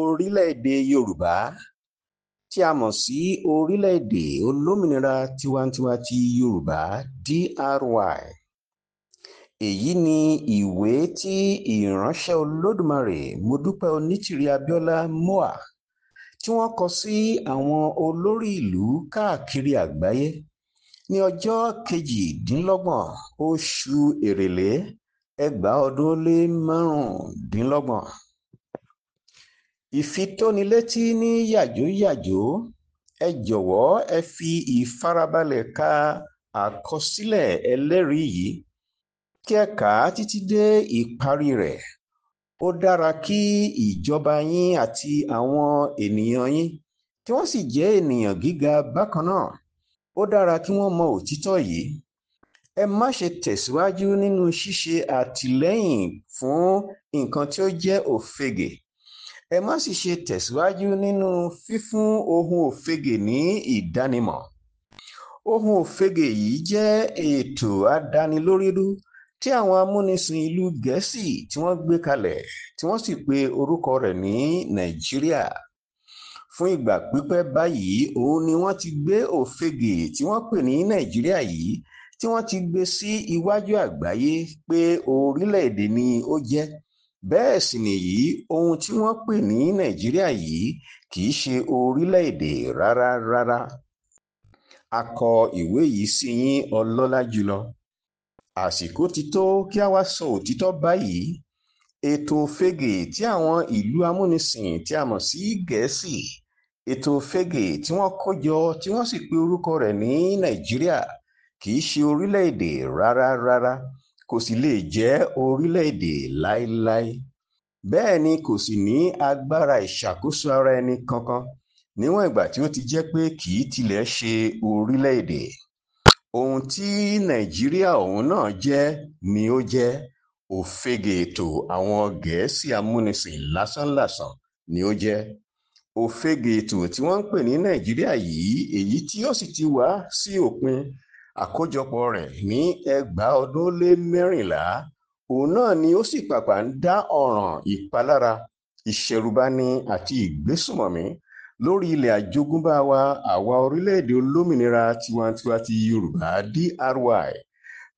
orílẹ̀-èdè Yorùbá tí a mọ̀ sí orílẹ̀-èdè olómìnira tiwantiwa ti Yorùbá DRY. Èyí ni ìwé tí ìránṣẹ́ Olódùmarè Mọ́dúpẹ́ Onítìrí Abíọ́lá Moa tí wọ́n kọ sí àwọn olórí ìlú káàkiri àgbáyé ní ọjọ́ kejìdínlọ́gbọ̀n oṣù Èrèlé ẹgbàá ọdún lé márùndínlọ́gbọ̀n ìfitónilétí ní yàjóyàjó ẹ jọ̀wọ́ ẹ fi ìfarabalẹ̀ ka àkọsílẹ̀ ẹlẹ́rìí yìí kí ẹ kà á títí dé ìparí rẹ̀ ó dára kí ìjọba yín àti àwọn ènìyàn yín tí wọ́n sì jẹ́ ènìyàn gíga bákan náà ó dára kí wọ́n mọ òtítọ́ yìí ẹ má ṣe tẹ̀síwájú nínú ṣíṣe àtìlẹ́yìn fún nǹkan tí ó jẹ́ òfegè ẹ má sì ṣe tẹ̀síwájú nínú fífún ohun òfegè ní ìdánimọ̀ ohun òfegè yìí jẹ́ ètò adánilórírú tí àwọn amúnisìn ìlú gẹ̀ẹ́sì tí wọ́n gbé kalẹ̀ tí wọ́n sì pe orúkọ rẹ̀ ní nàìjíríà fún ìgbà pípẹ́ báyìí òun ni wọ́n ti gbé òfegè tí wọ́n pè ní nàìjíríà yìí tí wọ́n ti gbé sí iwájú àgbáyé pé orílẹ̀-èdè ni ó jẹ́ bẹ́ẹ̀ sì nìyí ohun tí wọ́n pè ní nàìjíríà yìí kì í ṣe orílẹ̀-èdè rárá rárá a kọ ìwé yìí sí yín ọlọ́lá jùlọ àsìkò ti tó kí a wá sọ òtítọ́ báyìí ètò fege tí àwọn ìlú amúnisìn tí a mọ̀ sí gẹ̀ẹ́sì ètò fege tí wọ́n kó jọ tí wọ́n sì pe orúkọ rẹ̀ ní nàìjíríà kì í ṣe orílẹ̀-èdè rárá rárá kò sì lè jẹ́ orílẹ̀-èdè láéláé bẹ́ẹ̀ ni kò sì ní agbára ìṣàkóso ara ẹni kankan níwọ̀n ìgbà tí ó ti jẹ́ pé kì í tilẹ̀ ṣe orílẹ̀-èdè ohun tí nàìjíríà òun náà jẹ́ ni ó jẹ́ òfegè ètò àwọn gẹ̀ẹ́sì amúnisìn lásánlàsàn ni ó jẹ́ òfegè tí wọ́n ń pè ní nàìjíríà yìí èyí tí ó sì ti wá sí òpin àkójọpọ̀ rẹ̀ ní ẹgbàá ọdún lé mẹ́rìnlá òun náà ni ó sì pàpà ń dá ọ̀ràn ìpalára ìṣẹ̀rùbani àti ìgbésùmọ̀mí lórí ilẹ̀ àjogúnbá wa àwa orílẹ̀-èdè olómìnira tiwantiwa ti yorùbá DRY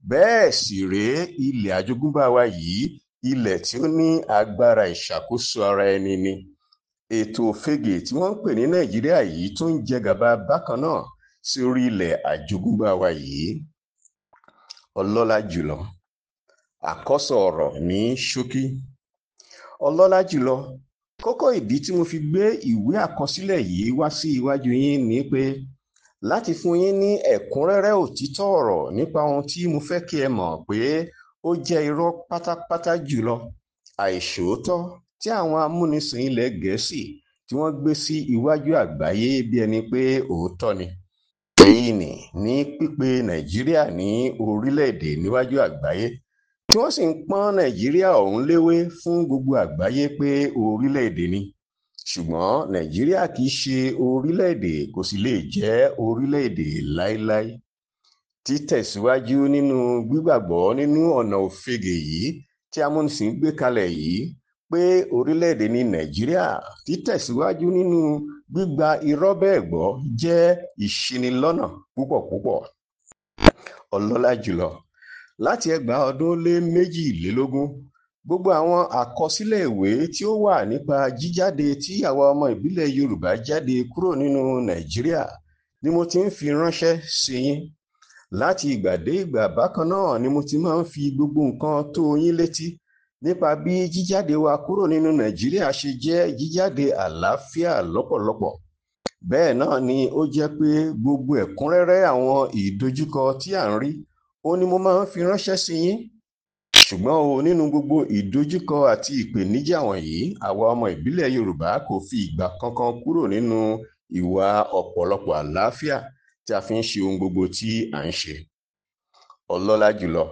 bẹ́ẹ̀ sì rèé ilẹ̀ àjogúnbá wa yìí ilẹ̀ tí ó ní agbára ìṣàkóso ara ẹni ni ètò òfegè tí wọ́n ń pè ní nàìjíríà yìí tún ń jẹ gàba bákan náà sí orí ilẹ̀ àjogúnbá wa yìí ọlọ́lá jùlọ àkọ́sọ ọ̀rọ̀ ní ṣókí ọlọ́lá jùlọ kókó ìdí tí mo fi gbé ìwé àkọsílẹ̀ yìí wá sí iwájú yín ni pé láti fún yín ní ẹ̀kúnrẹ́rẹ́ òtítọ́ ọ̀rọ̀ nípa ohun tí mo fẹ́ kí ẹ mọ̀ pé ó jẹ́ irọ́ pátápátá jùlọ àìṣòótọ́ tí àwọn amúnisìn ilẹ̀ gẹ̀ẹ́sì tí wọ́n gbé sí iwájú àgbáyé bí ẹni pé òótọ́ ni èyí ni ní pípe nàìjíríà ní orílẹ̀-èdè níwájú àgbáyé tí wọ́n sì ń pọ́n nàìjíríà ọ̀hún léwé fún gbogbo àgbáyé pé orílẹ̀-èdè ni ṣùgbọ́n nàìjíríà kì í ṣe orílẹ̀-èdè kò sì lè jẹ́ orílẹ̀-èdè láéláé títẹ̀síwájú nínú gbígbàgbọ́ nínú ọ̀nà òfegè yìí tí amúnisìn gbé kalẹ̀ yìí pé orílẹ̀-èdè ni nàìjíríà títẹ̀síwájú nínú gbígba irọ́ bẹ́ẹ̀ gbọ́ jẹ́ ìṣinilọ́nà púpọ̀ púpọ̀ ọlọ́lá jùlọ láti ẹgbàá ọdún lé méjìlélógún gbogbo àwọn àkọsílẹ̀ ìwé tí ó wà nípa jíjáde tí àwa ọmọ ìbílẹ̀ yorùbá jáde kúrò nínú nàìjíríà ni mo ti ń fi ránṣẹ́ sí yín láti ìgbà dé ìgbà bákan náà ni mo ti máa ń fi gbogbo nǹkan tó yín létí nípa bí jíjáde wa kúrò nínú nàìjíríà ṣe jẹ́ jíjáde àlàáfíà lọ́pọ̀lọpọ̀ bẹ́ẹ̀ náà ni ó jẹ́ pé gbogbo ẹ̀kúnrẹ́rẹ́ àwọn ìdojúkọ tí à ń rí ó ní mo máa ń fi ránṣẹ́ sí yín ṣùgbọ́n o nínú gbogbo ìdojúkọ àti ìpèníjà wọ̀nyí àwa ọmọ ìbílẹ̀ yorùbá kò fi ìgbà kankan kúrò nínú ìwà ọ̀pọ̀lọpọ̀ àlàáfíà tí a fi ń ṣe ohun gbogbo tí à ń ṣe ọlọ́lá jùlọ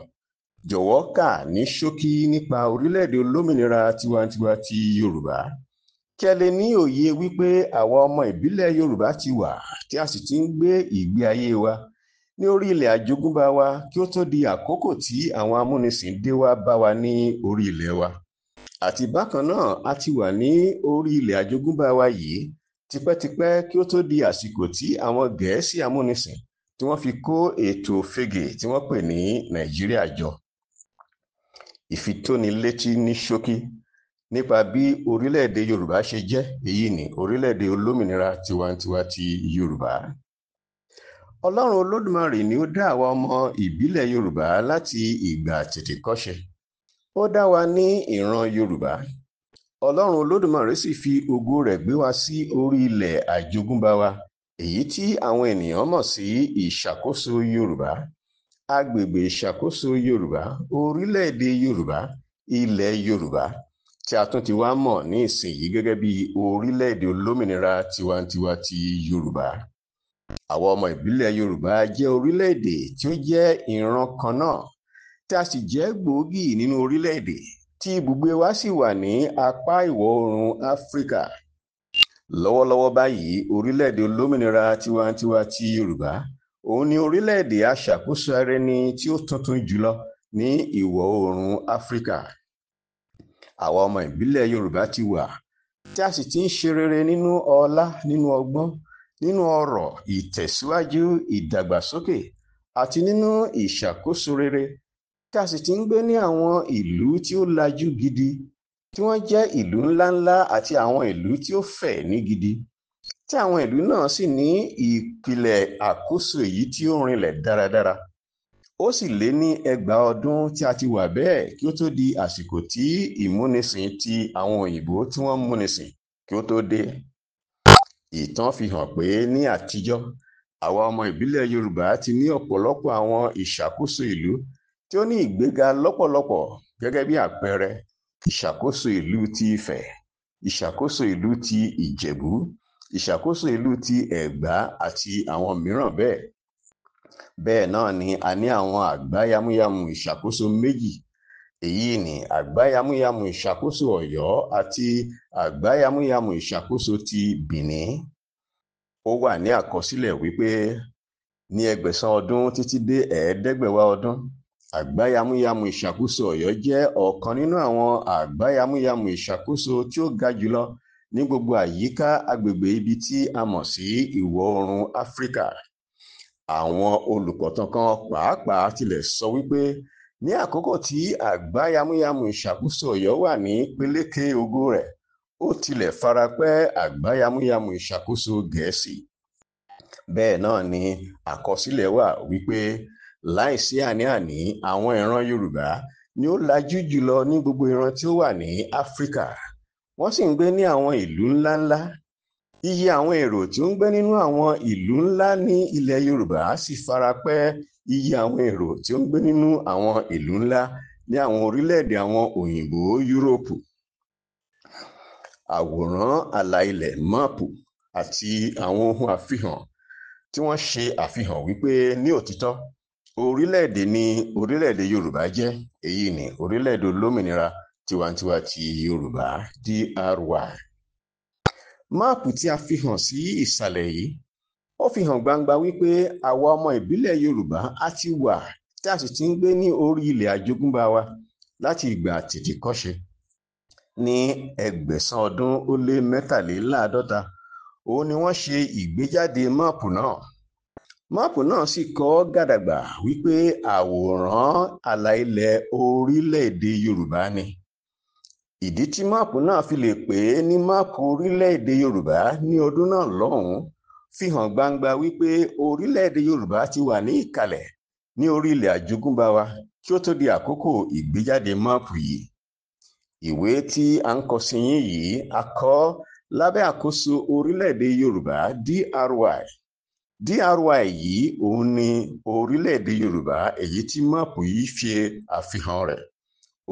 jọ̀wọ́ kà ní ṣókí nípa orílẹ̀-èdè olómìnira tiwantiwa ti yorùbá kí ẹ lè ní òye wípé àwa ọmọ ìbílẹ̀ yorùbá ti wà tí a sì ti ń gbé ìgbé ayé wa ní orí ilẹ̀ àjogúnbá wa kí ó tó di àkókò tí àwọn amúnisìn dé wá bá wa ní orí ilẹ̀ wa àti bákan náà a ti wà ní orí ilẹ̀ àjogúnbá wa yìí tipẹ́tipẹ́ kí ó tó di àsìkò tí àwọn gẹ̀ẹ́sì amúnisìn tí wọ́n fi kó ètò fege tí wọ́n pè ní nàìjíríà jọ ìfitónilétí ní ṣókí nípa bí orílẹ̀-èdè yorùbá ṣe jẹ́ èyí ni orílẹ̀-èdè olómìnira tiwantiwa ti yorùbá ọlọ́run olódùmarè ni ó dá àwa ọmọ ìbílẹ̀ yorùbá láti ìgbà tètè kọ́ṣe ó dá wa ní ìran yorùbá ọlọ́run olódùmarè sì fi ògo rẹ̀ gbé wa sí orí ilẹ̀ àjogúnbá wa èyí tí àwọn ènìyàn mọ̀ sí ìṣàkóso yorùbá agbègbè ìṣàkóso yorùbá orílẹ̀-èdè yorùbá ilẹ̀ yorùbá tí a tún ti wá mọ̀ ní ìsinyìí gẹ́gẹ́ bí orílẹ̀-èdè olómìnira tiwantiwa ti yorùbá àwọn ọmọ ìbílẹ̀ yorùbá jẹ́ orílẹ̀-èdè tí ó jẹ́ ìran kan náà tí a sì jẹ́ gbòógì nínú orílẹ̀-èdè tí ibùgbé wa sì wà ní apá ìwọ̀ oòrùn áfíríkà lọ́wọ́lọ́wọ́ báyìí orílẹ̀-èdè olómìnira tiwantiwa ti yorùbá òun ni orílẹ̀-èdè aṣàkóso ara ẹni tí ó tuntun jùlọ ní ìwọ̀ oòrùn áfíríkà àwa ọmọ ìbílẹ̀ yorùbá ti wà tí a sì ti ń ṣe rere nínú ọlá nínú ọgbọ́n nínú ọrọ̀ ìtẹ̀síwájú ìdàgbàsókè àti nínú ìṣàkóso rere tí a sì ti ń gbé ní àwọn ìlú tí ó lajú gidi tí wọ́n jẹ́ ìlú ńláńlá àti àwọn ìlú tí ó fẹ̀ ní gidi tí àwọn ìlú náà sì ní ìpìlẹ̀ àkóso èyí tí ó rinlẹ̀ dáradára ó sì lé ní ẹgbàá ọdún tí a ti wà bẹ́ẹ̀ kí ó tó di àsìkò tí ìmúnisìn ti àwọn òyìnbó tí wọ́n múnisìn kí ó tó dé ìtàn fi hàn pé ní àtijọ́ àwa ọmọ ìbílẹ̀ yorùbá ti ní ọ̀pọ̀lọpọ̀ àwọn ìṣàkóso ìlú tí ó ní ìgbéga lọ́pọ̀lọpọ̀ gẹ́gẹ́ bí àpẹẹrẹ ìṣàkóso ìlú ti ifẹ̀ ìṣàkóso ìlú ti ìjẹ̀bú ìṣàkóso ìlú ti Ẹ̀gbá àti àwọn mìíràn bẹ́ẹ̀. Bẹ́ẹ̀ náà ni a ní àwọn àgbá yámúyámù ìṣàkóso méjì èyí ni àgbá yámúyámù ìṣàkóso Ọ̀yọ́ àti àgbá yámúyámù ìṣàkóso ti Bìnín. Ó wà ní àkọsílẹ̀ wípé ní ẹgbẹ̀sán ọdún títí dé ẹ̀ẹ́dẹ́gbẹ̀wá ọdún àgbá yámúyámú ìṣàkóso Ọ̀yọ́ jẹ́ ọ̀kan nínú àwọn àgbá yámúyámú ìṣàkóso tí ó ga jùlọ ní gbogbo àyíká agbègbè ibi tí a mọ̀ sí ìwọ̀ oòrùn áfíríkà àwọn olùkọ̀tàn kan pàápàá tilẹ̀ sọ wípé ní àkókò tí àgbá yamuyamu ìṣàkóso ọ̀yọ́ wà ní peléke ògo rẹ̀ ó tilẹ̀ fara pẹ́ àgbá yamuyamu ìṣàkóso gẹ̀ẹ́sì bẹ́ẹ̀ náà ni àkọsílẹ̀ wà wípé láìsí àní-àní àwọn ìran yorùbá ni ó lajú jùlọ ní gbogbo ìran tí ó wà ní áfíríkà wọ́n sì ń gbé ní àwọn ìlú ńláńlá iye àwọn èrò tí ó ń gbé nínú àwọn ìlú ńlá ní ilẹ̀ yorùbá sì fara pẹ́ iye àwọn èrò tí ó ń gbé nínú àwọn ìlú ńlá ní àwọn orílẹ̀-èdè àwọn òyìnbó yúróòpù àwòrán àlàilẹ̀ máàpù àti àwọn ohun àfihàn tí wọ́n ṣe àfihàn wípé ní òtítọ́ orílẹ̀-èdè ni orílẹ̀-èdè yorùbá jẹ́ èyí ni orílẹ̀-èdè olómìnira tiwantiwa ti yorùbá DRY máàpù tí a fi hàn sí ìsàlẹ̀ yìí ó fi hàn gbangba wípé àwa ọmọ ìbílẹ̀ yorùbá a ti wà tá a sì ti ń gbé ní orí ilẹ̀ àjogúnbá wa láti ìgbà àtètèkọ́ṣe ní ẹgbẹ̀sán ọdún ó lé mẹ́tàléláàádọ́ta òun ni wọ́n ṣe ìgbéjáde máàpù náà máàpù náà sì kọ gàdàgbà wípé àwòrán àlà orílẹ̀-èdè yorùbá ni ìdí tí máàpù náà fi lè pè é ní máàpù orílẹ̀-èdè yorùbá ní ọdún náà lọ́hùn-ún fi hàn gbangba wípé orílẹ̀-èdè yorùbá ti wà ní ìkàlẹ̀ ní orí ilẹ̀ àjogúnbá wa kí ó tó di àkókò ìgbéjáde máàpù yìí ìwé tí a ń kọ sí yín yìí a kọ lábẹ́ àkóso orílẹ̀-èdè yorùbá DRY DRY yìí òun ni orílẹ̀-èdè yorùbá èyí tí máàpù yìí fi àfihàn rẹ̀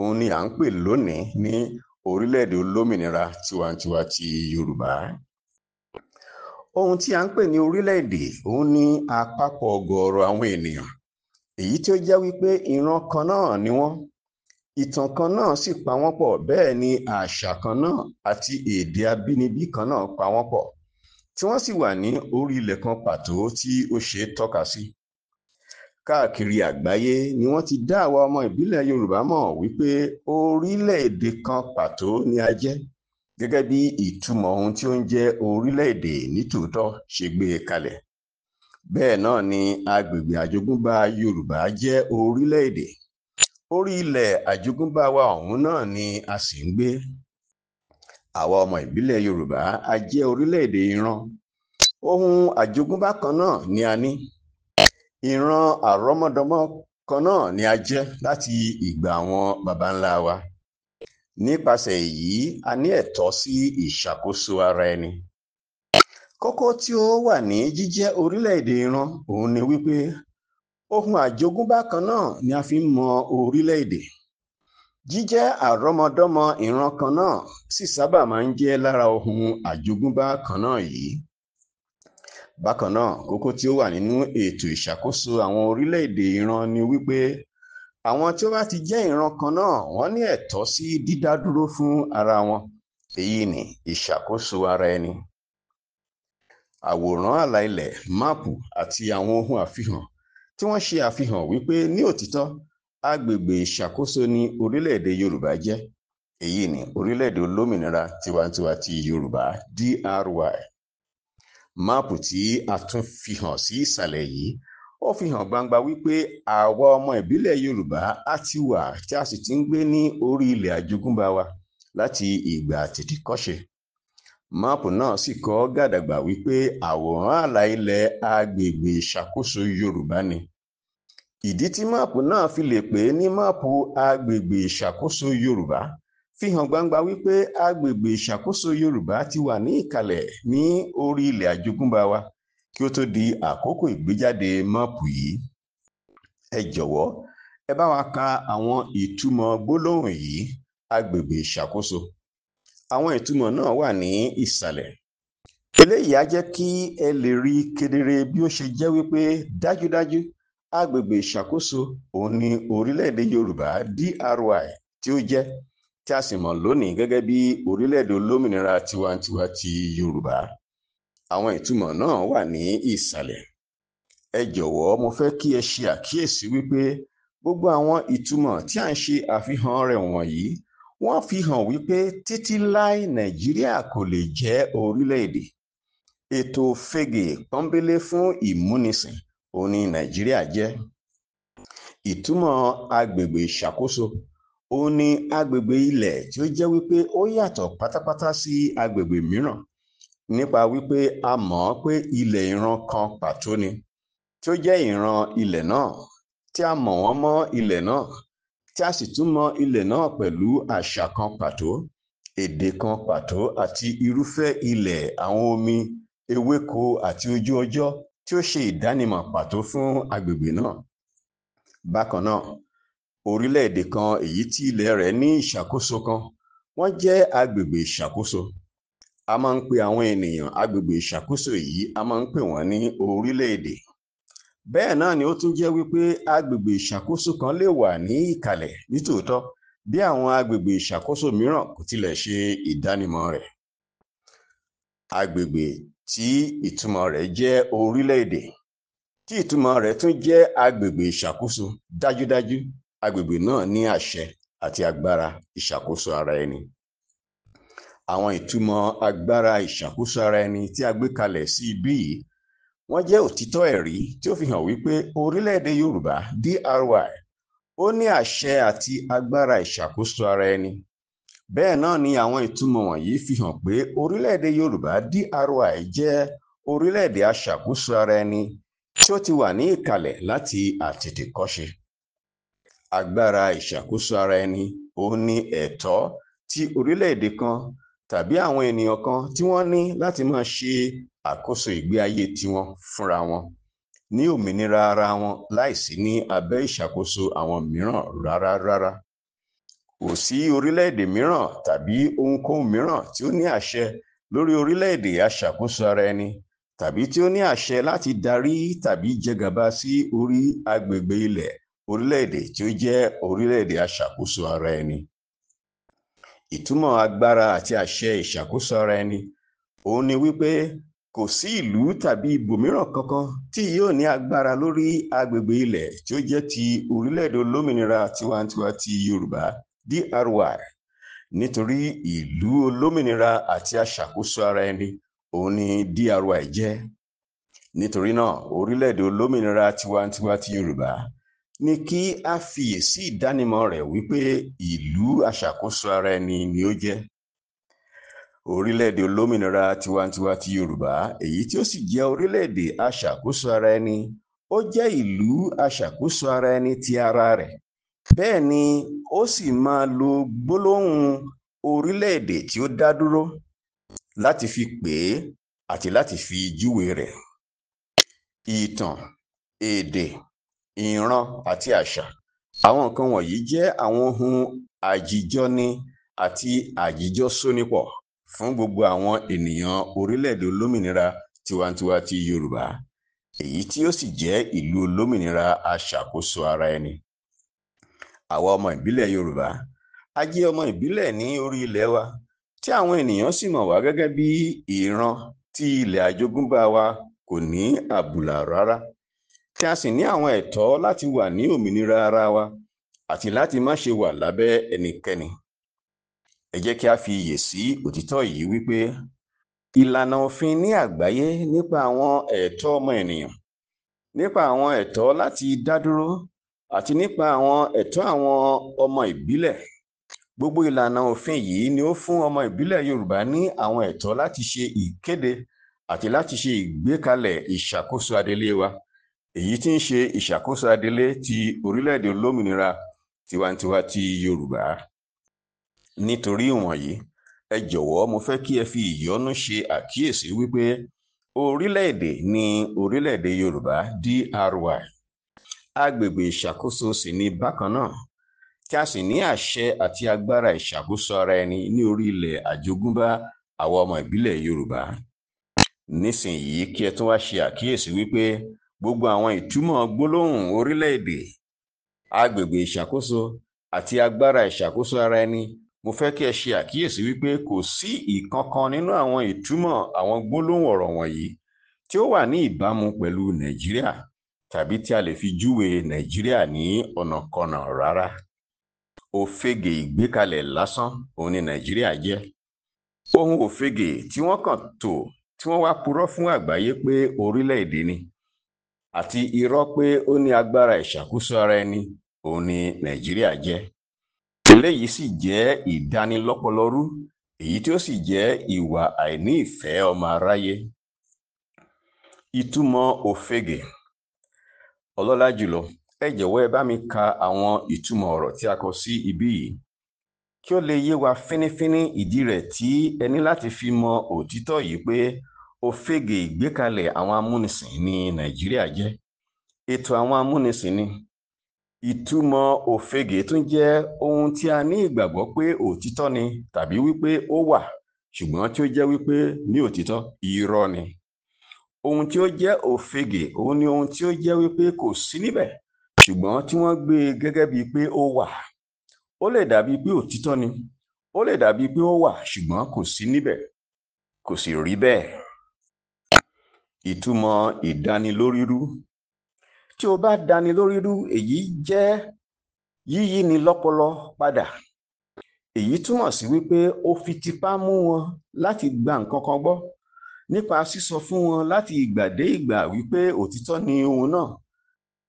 òun ni à ń pè lónìí ní orílẹ̀-èdè olómìnira tiwantiwa ti Yorùbá ohun tí à ń pè ní orílẹ̀-èdè òun ní àpapọ̀ ọ̀gọ̀ọ̀rọ̀ àwọn ènìyàn èyí tí ó jẹ́ wípé ìran kan náà ni wọ́n ìtàn kan náà sì pa wọ́n pọ̀ bẹ́ẹ̀ ni àṣà kan náà àti èdè abínibí kan náà pa wọ́n pọ̀ tí wọ́n sì wà ní orí ilẹ̀ kan pàtó tí ó ṣeé tọ́ka sí káàkiri àgbáyé ni wọ́n ti dá àwa ọmọ ìbílẹ̀ yorùbá mọ̀ wípé orílẹ̀ kan pàtó ni a jẹ́ gẹ́gẹ́ bí ìtumọ̀ ohun tí ó ń jẹ́ orílẹ̀-èdè nítòótọ́ ṣe gbé e kalẹ̀ bẹ́ẹ̀ náà ni agbègbè àjogúnbá yorùbá jẹ́ orílẹ̀ orí ilẹ̀ àjogúnbá wa ọ̀hún náà ni a sì ń gbé àwa ọmọ ìbílẹ̀ yorùbá a jẹ́ orílẹ̀-èdè ohun àjogúnbá kan náà ni a ní ìran àrọ́mọdọ́mọ kan náà ni a jẹ́ láti ìgbà àwọn baba ńlá wa nípasẹ̀ èyí a ní ẹ̀tọ́ sí ìṣàkóso ara ẹni kókó tí ó wà ní jíjẹ́ orílẹ̀ ìran òun ni wípé ohun àjogúnbá kan náà ni a fi ń mọ orílẹ̀-èdè jíjẹ́ àrọ́mọdọ́mọ ìran kan náà sì sábà máa ń jẹ́ lára ohun àjogúnbá kan náà yìí bákan náà kókó tí ó wà nínú ètò ìṣàkóso àwọn orílẹ̀-èdè ìran ni wípé àwọn tí ó bá ti jẹ́ ìran kan náà wọ́n ní ẹ̀tọ́ sí dídádúró fún ara wọn èyí ni ìṣàkóso ara ẹni àwòrán àlà ilẹ̀ máàpù àti àwọn ohun àfihàn tí wọ́n ṣe àfihàn wípé ní òtítọ́ agbègbè ìṣàkóso ní orílẹ̀-èdè Yorùbá jẹ́ èyí ni orílẹ̀-èdè olómìnira tiwantiwa ti Yorùbá DRY máàpù tí a tún fi hàn sí ìsàlẹ̀ yìí ó fi hàn gbangba wípé àwa ọmọ ìbílẹ̀ yorùbá á ti wà tí a sì ti ń gbé ní orí ilẹ̀ àjogúnbá wa láti ìgbà àtètèkọ́ṣe máàpù náà sì kọ gàdàgbà wípé àwòrán àlà ilẹ̀ agbègbè ìṣàkóso yorùbá ni ìdí tí máàpù náà fi lè pè é ní máàpù agbègbè ìṣàkóso yorùbá fi hàn gbangba wípé agbègbè ìṣàkóso Yorùbá ti wà ní ìkàlẹ̀ ní orí ilẹ̀ àjogúnbá wa kí ó tó di àkókò ìgbéjáde mọ́ọ̀pù yìí ẹ jọ̀wọ́ ẹ bá wa ka àwọn ìtumọ̀ gbólóhùn yìí agbègbè ìṣàkóso àwọn ìtumọ̀ náà wà ní ìsàlẹ̀ eléyìí á jẹ́ kí ẹ lè rí kedere bí ó ṣe jẹ́ wípé dájúdájú agbègbè ìṣàkóso òun ni orílẹ̀-èdè Yorùbá DRY tí ó jẹ́ tí a sì mọ̀ lónìí gẹ́gẹ́ bí orílẹ̀-èdè olómìnira tiwantiwa ti Yorùbá àwọn ìtumọ̀ náà wà ní ìsàlẹ̀ ẹ jọ̀wọ́ mo fẹ́ kí ẹ ṣe àkíyèsí wípé gbogbo àwọn ìtumọ̀ tí à ń ṣe àfihàn rẹ̀ wọ̀nyí wọ́n fi hàn wípé títí láì Nàìjíríà kò lè jẹ́ orílẹ̀-èdè ètò fege pọ́nbélé fún ìmúnisìn òní Nàìjíríà jẹ́ ìtumọ̀ agbègbè ìṣàkóso ó ní agbègbè ilẹ̀ tí ó jẹ́ wípé ó yàtọ̀ pátápátá sí agbègbè mìíràn nípa wípé a mọ̀ ọ́ pé ilẹ̀ ìran kan pàtó ni tí ó jẹ́ ìran ilẹ̀ náà tí a mọ̀ wọ́n mọ́ ilẹ̀ náà tí a sì tún mọ̀ ilẹ̀ náà pẹ̀lú àṣà kan pàtó èdè kan pàtó àti irúfẹ́ ilẹ̀ àwọn omi ewéko àti ojú ọjọ́ tí ó ṣe ìdánimọ̀ pàtó fún agbègbè náà bákan náà orílẹ̀-èdè kan èyí tí ilẹ̀ rẹ̀ ní ìṣàkóso kan wọ́n jẹ́ agbègbè ìṣàkóso a máa ń pe àwọn ènìyàn agbègbè ìṣàkóso yìí a máa ń pè wọ́n ní orílẹ̀-èdè bẹ́ẹ̀ náà ni ó tún jẹ́ wípé agbègbè ìṣàkóso kan lè wà ní ìkàlẹ̀ nítòótọ́ bí àwọn agbègbè ìṣàkóso mìíràn kò tilẹ̀ ṣe ìdánimọ̀ rẹ̀ agbègbè tí ìtumọ̀ rẹ̀ jẹ́ orílẹ̀-èdè tí ìtumọ̀ rẹ̀ tún jẹ́ agbègbè ìṣàkóso dájúdájú agbègbè náà ní àṣẹ àti agbára ìṣàkóso ara ẹni. Àwọn ìtumọ̀ agbára ìṣàkóso ara ẹni tí a gbé kalẹ̀ sí ibí yìí wọ́n jẹ́ òtítọ́ ẹ̀rí tí ó fi hàn wípé orílẹ̀-èdè Yorùbá DRY ó ní àṣẹ àti agbára ìṣàkóso ara ẹni. Bẹ́ẹ̀ náà ni àwọn ìtumọ̀ wọ̀nyí fi hàn pé orílẹ̀-èdè Yorùbá DRY jẹ́ orílẹ̀-èdè aṣàkóso ara ẹni tí ó ti wà ní ìkàlẹ̀ láti àtètèkọ́ṣe agbára ìṣàkóso ara ẹni ó ní ẹ̀tọ́ tí orílẹ̀-èdè kan tàbí àwọn ènìyàn kan tí wọ́n ní láti máa ṣe àkóso ìgbé ayé tiwọn fúnra wọn ní òmìnira ara wọn láìsí ní abẹ́ ìṣàkóso àwọn mìíràn rárá rárá kò sí orílẹ̀-èdè mìíràn tàbí ohunkóhun mìíràn tí ó ní àṣẹ lórí orílẹ̀-èdè aṣàkóso ara ẹni tàbí tí ó ní àṣẹ láti darí tàbí jẹgàba sí orí agbègbè ilẹ̀ orílẹ̀-èdè tí ó jẹ́ orílẹ̀-èdè aṣàkóso ara ẹni. Ìtumọ̀ agbára àti àṣẹ ìṣàkóso ara ẹni òun ni wípé kò sí ìlú tàbí ibòmíràn kankan tí yóò ní agbára lórí agbègbè ilẹ̀ tí ó jẹ́ ti orílẹ̀-èdè olómìnira tiwantiwa ti Yorùbá DRY nítorí ìlú olómìnira àti aṣàkóso ara ẹni òun ni DRY jẹ́ nítorí náà orílẹ̀-èdè olómìnira tiwantiwa ti Yorùbá ni kí a fiyèsí ìdánimọ̀ rẹ̀ wípé ìlú aṣàkóso ara ẹni ni ó jẹ́ orílẹ̀-èdè olómìnira tiwantiwa ti yorùbá èyí tí ó sì jẹ́ orílẹ̀-èdè aṣàkóso ara ẹni ó jẹ́ ìlú aṣàkóso ara ẹni ti ara rẹ̀ bẹ́ẹ̀ ni ó sì máa lo gbólóhùn orílẹ̀-èdè tí ó dá dúró láti fi pè é àti láti fi júwe rẹ̀ ìtàn èdè ìran àti àṣà àwọn nǹkan wọ̀nyí jẹ́ àwọn ohun àjíjọni àti àjíjọsónípọ̀ fún gbogbo àwọn ènìyàn orílẹ̀-èdè olómìnira tiwantiwa ti yorùbá èyí tí ó sì jẹ́ ìlú olómìnira aṣàkóso ara ẹni àwa ọmọ ìbílẹ̀ yorùbá a jẹ́ ọmọ ìbílẹ̀ ní orí ilẹ̀ wa tí àwọn ènìyàn sì mọ̀ wá gẹ́gẹ́ bí ìran tí ilẹ̀ àjogúnbá wa kò ní àbùlà rárá tí a sì ní àwọn ẹ̀tọ́ láti wà ní òmìnira ara wa àti láti má ṣe wà lábẹ́ ẹnikẹ́ni ẹ jẹ́ kí a fi iyè sí òtítọ́ yìí wípé ìlànà òfin ní àgbáyé nípa àwọn ẹ̀tọ́ ọmọ ènìyàn nípa àwọn ẹ̀tọ́ láti dádúró àti nípa àwọn ẹ̀tọ́ àwọn ọmọ ìbílẹ̀ gbogbo ìlànà òfin yìí ni ó fún ọmọ ìbílẹ̀ Yorùbá ní àwọn ẹ̀tọ́ láti ṣe ìkéde àti láti ṣe ìgbékalẹ̀ ìṣàkóso adelé wa èyí tí ń ṣe ìṣàkóso adelé ti orílẹ̀-èdè olómìnira tiwantiwa ti yorùbá nítorí wọ̀nyí ẹ jọ̀wọ́ mo fẹ́ kí ẹ fi ìyọ́nú ṣe àkíyèsí wípé orílẹ̀-èdè ní orílẹ̀-èdè yorùbá dry agbègbè ìṣàkóso sì ní bákan náà tí a sì ní àṣẹ àti agbára ìṣàkóso ara ẹni ní orí ilẹ̀ àjogúnbá àwọn ọmọ ìbílẹ̀ yorùbá nísìnyí kí ẹ tún wá ṣe àkíyèsí wípé gbogbo àwọn ìtumọ̀ gbólóhùn orílẹ̀-èdè agbègbè ìṣàkóso àti agbára ìṣàkóso ara ẹni mo fẹ́ kí ẹ ṣe àkíyèsí wípé kò sí ìkankan nínú àwọn ìtumọ̀ àwọn gbólóhùn ọ̀rọ̀ wọ̀nyí tí ó wà ní ìbámu pẹ̀lú nàìjíríà tàbí tí a lè fi júwe nàìjíríà ní ọ̀nàkọnà rárá òfegè ìgbékalẹ̀ lásán òun ni nàìjíríà jẹ́ ohun òfegè tí wọ́n kàn tò tí wọ́n wá purọ́ fún àgbáyé pé orílẹ̀-èdè ni àti irọ́ pé ó ní agbára ìṣàkóso ara ẹni òun ni nàìjíríà jẹ́ eléyìí sì jẹ́ ìdánilọ́pọlọrú èyí tí ó sì jẹ́ ìwà àìní ìfẹ́ ọmọ aráyé ìtumọ̀ òfegè ọlọ́lá jùlọ ẹ jọ̀wọ́ ẹ bá mi ka àwọn ìtumọ̀ ọ̀rọ̀ tí a kọ sí ibí yìí kí ó lè yé wa fínífíní ìdí rẹ̀ tí ẹ láti fi mọ òtítọ́ yìí pé òfegè ìgbékalẹ̀ àwọn amúnisìn ní nàìjíríà jẹ́ ètò àwọn amúnisìn ni ìtumọ̀ òfegè tún jẹ́ ohun tí a ní ìgbàgbọ́ pé òtítọ́ ni tàbí wípé ó wà ṣùgbọ́n tí ó jẹ́ wípé ní òtítọ́ irọ́ ni ohun tí ó jẹ́ òfegè òun ni ohun tí ó jẹ́ wípé kò sí níbẹ̀ ṣùgbọ́n tí wọ́n gbé e gẹ́gẹ́ bíi pé ó wà ó lè dàbí pé òtítọ́ ni ó lè dàbí pé ó wà ṣùgbọ́n kò sí níbẹ̀ kò sì rí bẹ́ẹ̀ ìtumọ̀ ìdánilórírú tí o bá dánilórírú èyí jẹ́ yíyí ni lọ́pọlọ padà èyí túmọ̀ sí wípé o fi tipá mú wọn láti gba nǹkan kan gbọ́ nípa sísọ fún wọn láti ìgbà dé ìgbà wípé òtítọ́ ni ohun náà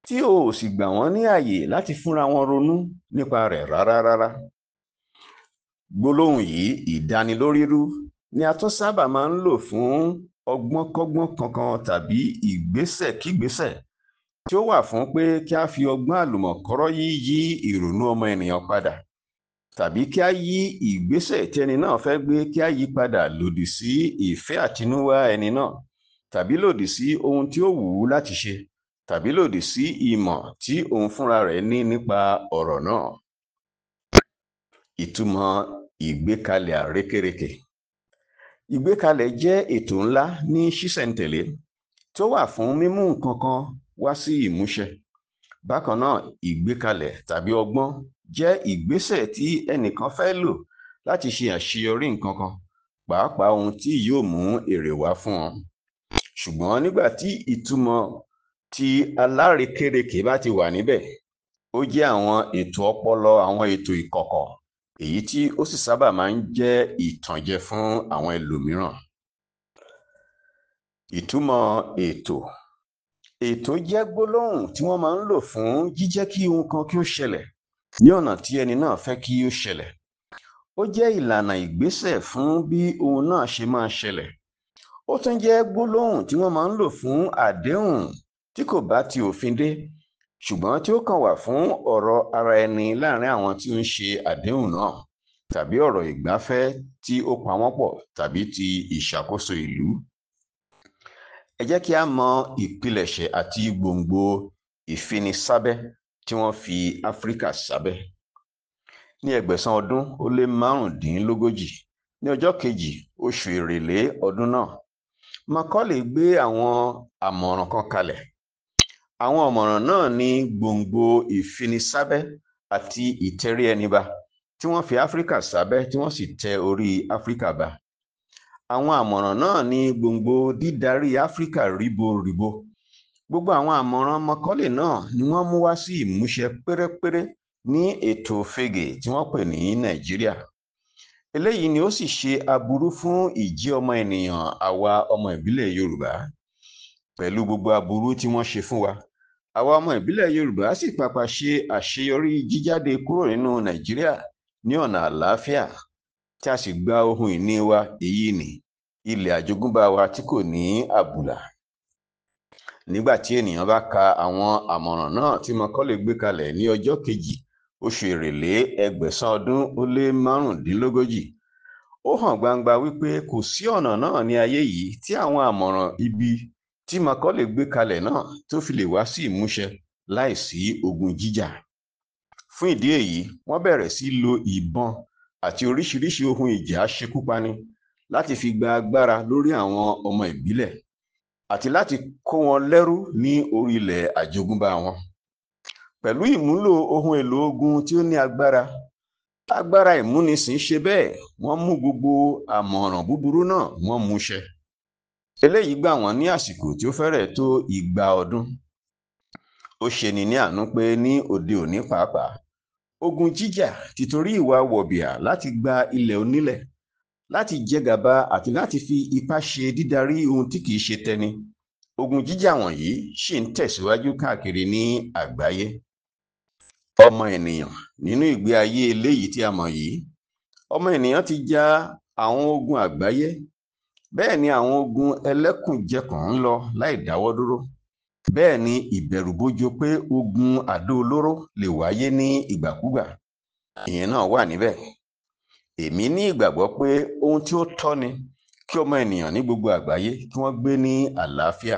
tí o ò sì gbà wọ́n ní àyè láti fúnra wọn ronú nípa rẹ̀ rárá gbólóhùn yìí ìdánilórírú ni a tún sábà máa ń lò fún ọgbọ́nkọ́gbọ́n kankan tàbí ìgbésẹ̀kígbésẹ̀ tí ó wà fún pé kí a fi ọgbọ́n àlùmọ̀kọ́rọ́yí yí ìrònú ọmọ ènìyàn padà tàbí kí a yí ìgbésẹ̀ tí ẹni náà fẹ́ gbé kí a yí padà lòdì sí ìfẹ́ àtinúwá ẹni náà tàbí lòdì sí ohun tí ó wù ú láti ṣe tàbí lòdì sí ìmọ̀ tí òun fúnra rẹ̀ ní nípa ọ̀rọ̀ náà. Ìtumọ̀ ìgbékalẹ̀ àrékérekè ìgbékalẹ̀ jẹ́ ètò ńlá ní ṣísẹ̀ntẹ̀lé tó wà fún mímú nǹkan kan wá sí ìmúṣẹ bákan náà ìgbékalẹ̀ tàbí ọgbọ́n jẹ́ ìgbésẹ̀ tí ẹnìkan fẹ́ lò láti ṣe àṣeyọrí nǹkan kan pàápàá ohun tí yóò mú èrè wá fún ọ ṣùgbọ́n nígbà tí ìtumọ̀ ti alárekérekè bá ti wà níbẹ̀ ó jẹ́ àwọn ètò ọpọlọ àwọn ètò ìkọ̀kọ̀ èyí tí ó sì sábà máa ń jẹ́ ìtànjẹ fún àwọn ẹlòmíràn. Ìtumọ̀ ètò ètò jẹ́ gbólóhùn tí wọ́n máa ń lò fún jíjẹ́ kí ohun kan kí ó ṣẹlẹ̀ ní ọ̀nà tí ẹni náà fẹ́ kí ó ṣẹlẹ̀. Ó jẹ́ ìlànà ìgbésẹ̀ fún bí ohun náà ṣe máa ṣẹlẹ̀. Ó tún jẹ́ gbólóhùn tí wọ́n máa ń lò fún àdéhùn tí kò bá ti òfin dé ṣùgbọ́n tí ó kàn wà fún ọ̀rọ̀ ara ẹni láàrin àwọn tí ó ń ṣe àdéhùn náà tàbí ọ̀rọ̀ ìgbafẹ́ tí ó pa wọ́n pọ̀ tàbí ti ìṣàkóso ìlú. ẹ jẹ́ kí a mọ ìpilẹ̀ṣẹ̀ àti gbòǹgbò ìfinisábẹ́ tí wọ́n fi áfíríkà sábẹ́. ní ẹgbẹ̀sán ọdún ó lé márùndínlógójì ní ọjọ́ kejì oṣù èrèlé ọdún náà macaulay gbé àwọn àmọ̀ràn kan kalẹ̀ Àwọn ọ̀mọ̀ràn náà ní gbòǹgbò ìfinisábẹ́ àti ìtẹrí ẹni tí wọ́n fi Áfíríkà sábẹ́ tí wọ́n sì tẹ orí Áfíríkà ba. Àwọn àmọ̀ràn náà ní gbòǹgbò dídarí Áfíríkà ríboríbo. Gbogbo àwọn àmọ̀ràn Macaulay náà ni wọ́n mú wá sí ìmúṣẹ pérépéré ní ètò Fege tí wọ́n pè ní Nàìjíríà. Eléyìí ni ó sì ṣe aburú fún ìjẹ́ ọmọ ènìyàn àwa ọmọ ìbílẹ̀ Yorùbá pẹ̀lú gbogbo aburú tí wọ́n ṣe fún wa àwa ọmọ ìbílẹ̀ yorùbá sì pàpà ṣe àṣeyọrí jíjáde kúrò nínú nàìjíríà ní ọ̀nà àlàáfíà tí a sì gba ohun ìní wa èyí ni ilẹ̀ àjogúnbá wa tí kò ní àbùlà nígbà tí ènìyàn bá ka àwọn àmọ̀ràn náà tí Macaulay gbé kalẹ̀ ní ọjọ́ kejì oṣù èrèlé ẹgbẹ̀sán ọdún ó lé márùndínlógójì ó hàn gbangba wípé kò sí ọ̀nà náà ní ayé yìí tí àwọn àmọ̀ràn ibi tí macaulay gbé kalẹ̀ náà tó fi lè wá sí ìmúṣẹ láì sí ogun jíjà fún ìdí èyí wọ́n bẹ̀rẹ̀ sí lo ìbọn àti oríṣiríṣi ohun ìjà aṣekúpani láti fi gba agbára lórí àwọn ọmọ ìbílẹ̀ àti láti kó wọn lẹ́rú ní orílẹ̀ àjogúnbá wọn pẹ̀lú ìmúlò ohun èlò ogun tí ó ní agbára agbára ìmúnisìn ṣe bẹ́ẹ̀ wọ́n mú gbogbo àmọ̀ràn búburú náà wọ́n mú ṣẹ eléyìí gbà wọ́n ní àsìkò tí ó fẹ́rẹ̀ tó igba ọdún ó ṣeni ní àánú pé ní òde òní pàápàá ogun jíjà tìtorí ìwà wọ̀bìà láti gba ilẹ̀ onílẹ̀ láti jẹgàba àti láti fi ipá ṣe dídarí ohun tí kìí ṣe tẹni ogun jíjà wọ̀nyí ṣì ń tẹ̀síwájú káàkiri ní àgbáyé ọmọ ènìyàn nínú ìgbé ayé eléyìí tí a mọ̀ yìí ọmọ ènìyàn ti ja àwọn ogun àgbáyé bẹ́ẹ̀ ni àwọn ogun ẹlẹ́kùnjẹkùn ń lọ láì dáwọ́ dúró bẹ́ẹ̀ ni ìbẹ̀rùbojo pé ogun àdó olóró lè wáyé ní ìgbàkúgbà ìyẹn náà wà níbẹ̀ èmi ní ìgbàgbọ́ pé ohun tí ó tọ́ ni kí ọmọ ènìyàn ní gbogbo àgbáyé kí wọ́n gbé ní àlàáfíà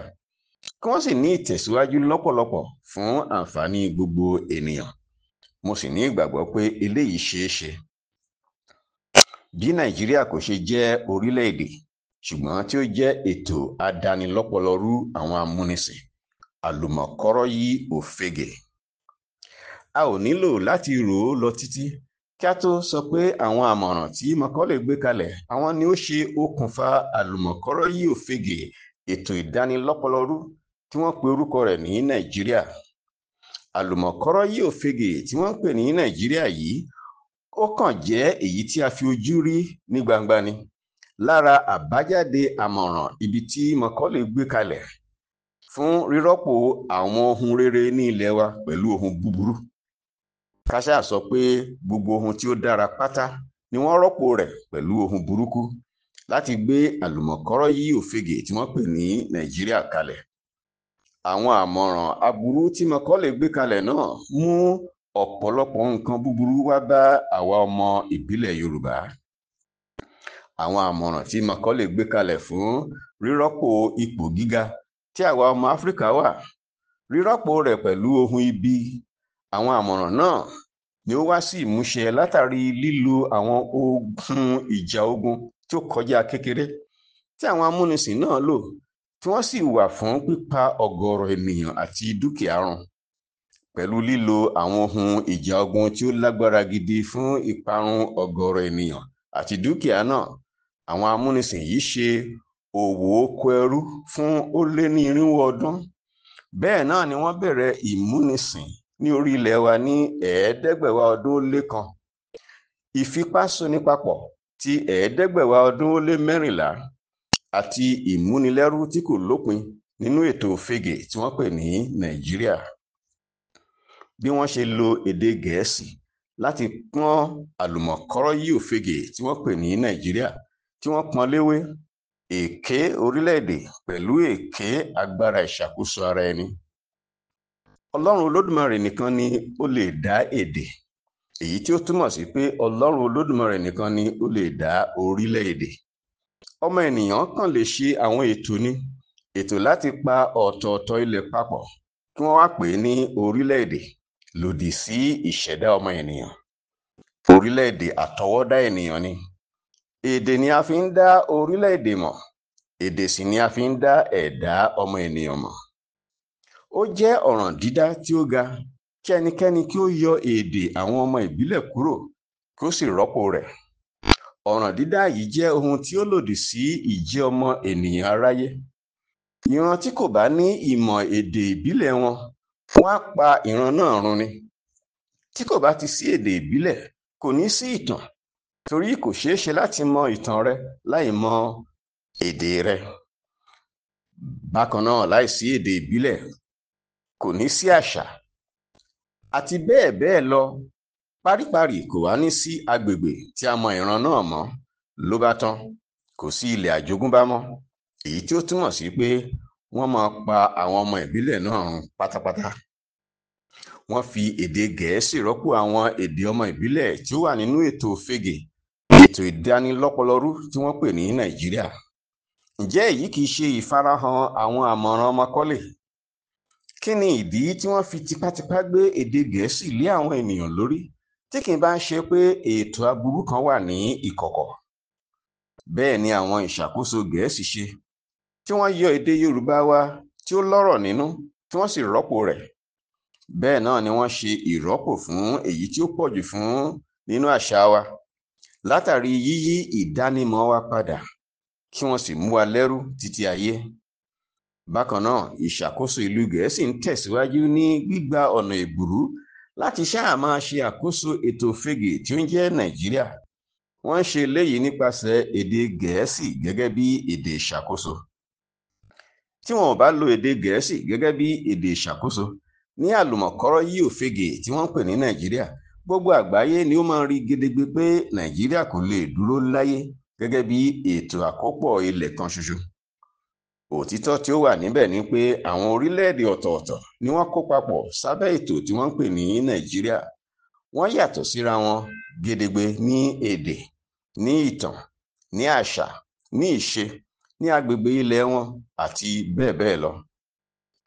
kí wọ́n sì ní ìtẹ̀síwájú lọ́pọ̀lọpọ̀ fún àǹfààní gbogbo ènìyàn mo sì ní ìgbàgbọ́ pé eléyìí ṣeé ṣe bí nàìjíríà kò ṣe jẹ́ orílẹ̀-èdè ṣùgbọ́n tí ó jẹ́ ètò adánilọ́pọlọrú àwọn amúnisìn àlùmọ̀kọ́rọ́ yí òfegè a ò nílò láti rò ó lọ títí kí a tó sọ pé àwọn àmọ̀ràn tí Macaulay gbé kalẹ̀ àwọn ni ó ṣe okùnfà àlùmọ̀kọ́rọ́ yí òfegè ètò ìdánilọ́pọlọrú tí wọ́n pe orúkọ rẹ̀ ní Nàìjíríà àlùmọ̀kọ́rọ́ yí òfegè tí wọ́n pè ní Nàìjíríà yìí ó kàn jẹ́ èyí tí a fi ojú rí ní gbangba ni. lára àbájáde àmọ̀ràn ibi tí Macaulay gbé kalẹ̀ fún rírọ́pò àwọn ohun rere ní ilẹ̀ wa pẹ̀lú ohun búburú káṣá sọ pé gbogbo ohun tí ó dára pátá ni wọ́n rọ́pò rẹ̀ pẹ̀lú ohun burúkú láti gbé àlùmọ̀kọ́rọ́ yí òfegè tí wọ́n pè ní Nàìjíríà kalẹ̀ àwọn àmọ̀ràn aburú tí Macaulay gbé kalẹ̀ náà mú ọ̀pọ̀lọpọ̀ nǹkan búburú wá bá àwa ọmọ ìbílẹ̀ Yorùbá àwọn àmọ̀ràn tí Macaulay gbé kalẹ̀ fún rírọ́pò ipò gíga tí àwa ọmọ Áfíríkà wà rírọ́pò rẹ̀ pẹ̀lú ohun ibi àwọn àmọ̀ràn náà ni ó wá sí ìmúṣẹ látàrí lílo àwọn ogun ìjà ogun tí ó kọjá kékeré tí àwọn amúnisìn náà lò tí wọ́n sì wà fún pípa ọ̀gọ̀rọ̀ ènìyàn àti dúkìá run pẹ̀lú lílo àwọn ohun ìjà ogun tí ó lágbára gidi fún ìparun ọ̀gọ̀rọ̀ ènìyàn àti dúkìá náà àwọn amúnisìn yìí ṣe òwò oko ẹrú fún ó lé ní irínwó ọdún bẹ́ẹ̀ náà ni wọ́n bẹ̀rẹ̀ ìmúnisìn ní orí ilẹ̀ wa ní ẹ̀ẹ́dẹ́gbẹ̀wá ọdún ó lé kan ìfipásoni papọ̀ ti ẹ̀ẹ́dẹ́gbẹ̀wá ọdún ó lé mẹ́rìnlá àti ìmúnilẹ́rú tí kò lópin nínú ètò fege tí wọ́n pè ní nàìjíríà bí wọ́n ṣe lo èdè gẹ̀ẹ́sì láti pọ́n àlùmọ̀kọ́rọ́ yìí òfegè tí wọ́n pè ní nàìjíríà tí wọ́n pọ́n léwé èké orílẹ̀-èdè pẹ̀lú èké agbára ìṣàkóso ara ẹni. ọlọ́run olódùmarè nìkan ni ó lè dá èdè èyí tí ó túmọ̀ sí pé ọlọ́run olódùmarè nìkan ni ó lè dá orílẹ̀-èdè. ọmọ ènìyàn kàn lè ṣe àwọn ètò ni ètò láti pa ọ̀tọ̀ọ̀tọ̀ ilẹ̀ papọ̀ kí wọ́n wá pè é ní orílẹ̀-èdè lòdì sí ìṣẹ̀dá ọmọ ènìyàn. orílẹ̀-èdè àtọwọ́dá ènìyàn ni èdè ni a fi ń dá orílẹ̀-èdè mọ̀ èdè sì ni a fi ń dá ẹ̀dá ọmọ ènìyàn mọ̀ ó jẹ́ ọ̀ràn dídá tí ó ga kí ẹnikẹ́ni kí ó yọ èdè àwọn ọmọ ìbílẹ̀ kúrò kí ó sì rọ́pò rẹ̀ ọ̀ràn dídá yìí jẹ́ ohun tí ó lòdì sí ìjẹ́ ọmọ ènìyàn aráyé ìran tí kò bá ní ìmọ̀ èdè ìbílẹ̀ wọn wọ́n á pa ìran náà run ni tí kò bá ti sí èdè ìbílẹ̀ kò ní sí ìtàn torí kò ṣeé ṣe láti mọ ìtàn rẹ láì mọ èdè rẹ bákan náà láì sí èdè ìbílẹ̀ kò ní sí àṣà àti bẹ́ẹ̀ bẹ́ẹ̀ lọ paríparí kò wá ní sí agbègbè tí a mọ ìran náà mọ́ ló bá tán kò sí ilẹ̀ àjogúnbá mọ́ èyí tí ó túmọ̀ sí pé wọ́n máa pa àwọn ọmọ ìbílẹ̀ náà run pátápátá wọ́n fi èdè gẹ̀ẹ́sì rọ́pò àwọn èdè ọmọ ìbílẹ̀ tí ó wà nínú ètò fege ètò ìdánilọ́pọlọrú tí wọ́n pè ní nàìjíríà ǹjẹ́ èyí kìí ṣe ìfarahàn àwọn àmọ̀ràn ọmọkọ́lé kí ni ìdí tí wọ́n fi tipátipá gbé èdè gẹ̀ẹ́sì lé àwọn ènìyàn lórí tí kì í bá ń ṣe pé ètò aburú kan wà ní ìkọ̀kọ̀ bẹ́ẹ̀ ni àwọn ìṣàkóso gẹ̀ẹ́sì ṣe tí wọ́n yọ èdè yorùbá wa tí ó lọ́rọ̀ nínú tí wọ́n sì rọ́pò rẹ̀ bẹ́ẹ̀ náà ni wọ́n ṣe ìrọ́pò fún èyí tí ó pọ̀jù fún nínú àṣà wa látàrí yíyí ìdánimọ̀ wa padà kí wọ́n sì mú wa lẹ́rú títí ayé bákan náà ìṣàkóso ìlú gẹ̀ẹ́sì ń tẹ̀síwájú ní gbígba ọ̀nà ìgbúrú láti ṣáà máa ṣe àkóso ètò fege tí ó ń jẹ́ nàìjíríà wọ́n ń ṣe léyìí nípasẹ̀ èdè gẹ̀ẹ́sì gẹ́gẹ́ bí èdè ìṣàkóso tí wọn ò bá lo èdè gẹ̀ẹ́sì gẹ́gẹ́ bí èdè ìṣàkóso ní àlùmọ̀kọ́rọ́ yí òfegè tí wọ́n ń pè ní nàìjíríà gbogbo àgbáyé ni ó máa rí gedegbe pé nàìjíríà kò lè dúró láyé gẹ́gẹ́ bí ètò àkópọ̀ ilẹ̀ kan ṣoṣo òtítọ́ tí ó wà níbẹ̀ ni pé àwọn orílẹ̀-èdè ni wọ́n kó papọ̀ sábẹ́ ètò tí wọ́n ń pè ní nàìjíríà wọ́n yàtọ̀ síra wọn gedegbe ní èdè ní ìtàn ní àṣà ní ìṣe ní agbègbè ilẹ̀ wọn àti bẹ́ẹ̀ bẹ́ẹ̀ lọ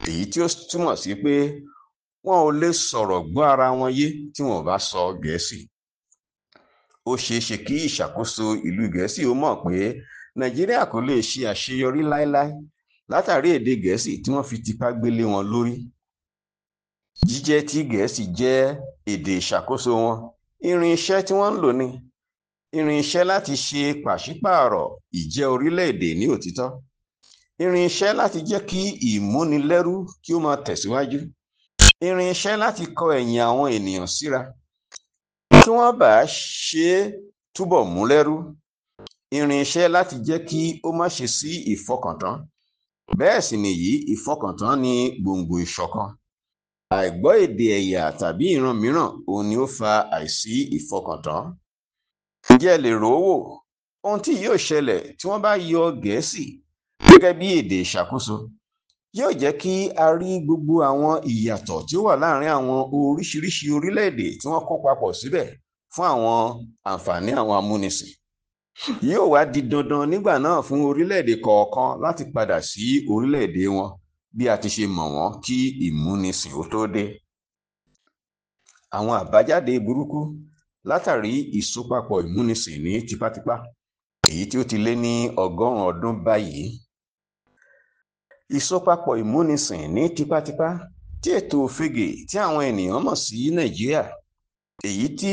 èyí tí ó túmọ̀ sí pé wọn ò lè sọ̀rọ̀ gbọ́ ara wọn yé tí wọn ò bá sọ gẹ̀ẹ́sì ó ṣeé ṣe kí ìṣàkóso ìlú gẹ̀ẹ́sì ó mọ̀ pé nàìjíríà kò lè ṣe àṣeyọrí láéláé látàrí èdè gẹ̀ẹ́sì tí wọ́n fi tipá gbélé wọn lórí jíjẹ́ tí gẹ̀ẹ́sì jẹ́ èdè ìṣàkóso wọn irinṣẹ́ tí wọ́n ń lò ní irinṣẹ́ láti ṣe pàṣípààrọ̀ ìjẹ́ orílẹ̀-èdè ní òtítọ́ irinṣẹ́ láti jẹ́ kí ìmúnilẹ́rú kí ó máa tẹ̀síwájú irinṣẹ́ láti kọ ẹ̀yìn àwọn ènìyàn síra kí wọ́n bàa ṣe é túbọ̀ mú lẹ́rú irinṣẹ́ láti jẹ́ kí ó má ṣe sí ìfọkàntán bẹ́ẹ̀ sì nìyí ìfọkàntán ni gbòǹgbò ìṣọ̀kan àìgbọ́ èdè ẹ̀yà tàbí ìran mìíràn òun ni ó fa àìsí ìfọkàntán ǹjẹ́ lè rò ó wò ohun tí yóò ṣẹlẹ̀ tí wọ́n bá yọ Gẹ̀ẹ́sì gẹ́gẹ́ bí èdè ìṣàkóso yóò jẹ́ kí a rí gbogbo àwọn ìyàtọ̀ tí ó wà láàárín àwọn oríṣiríṣi orílẹ̀-èdè tí wọ́n kó papọ̀ síbẹ̀ fún àwọn àǹfààní àwọn amúnisìn. Yóò wá di dandan nígbà náà fún orílẹ̀-èdè kọ̀ọ̀kan láti padà sí orílẹ̀-èdè wọn bí a ti ṣe mọ̀ wọ́n kí ìmúnisìn ó tó dé. Àwọn àbájáde burúkú látàrí ìsopapọ̀ ìmúnisìn ní tipátipá èyí tí ó ti lé ní ọgọ́rùn-ún ọdún báyìí ìsopapọ̀ ìmúnisìn ní tipátipá tí ètò òfegè tí àwọn ènìyàn mọ̀ sí nàìjíríà èyí tí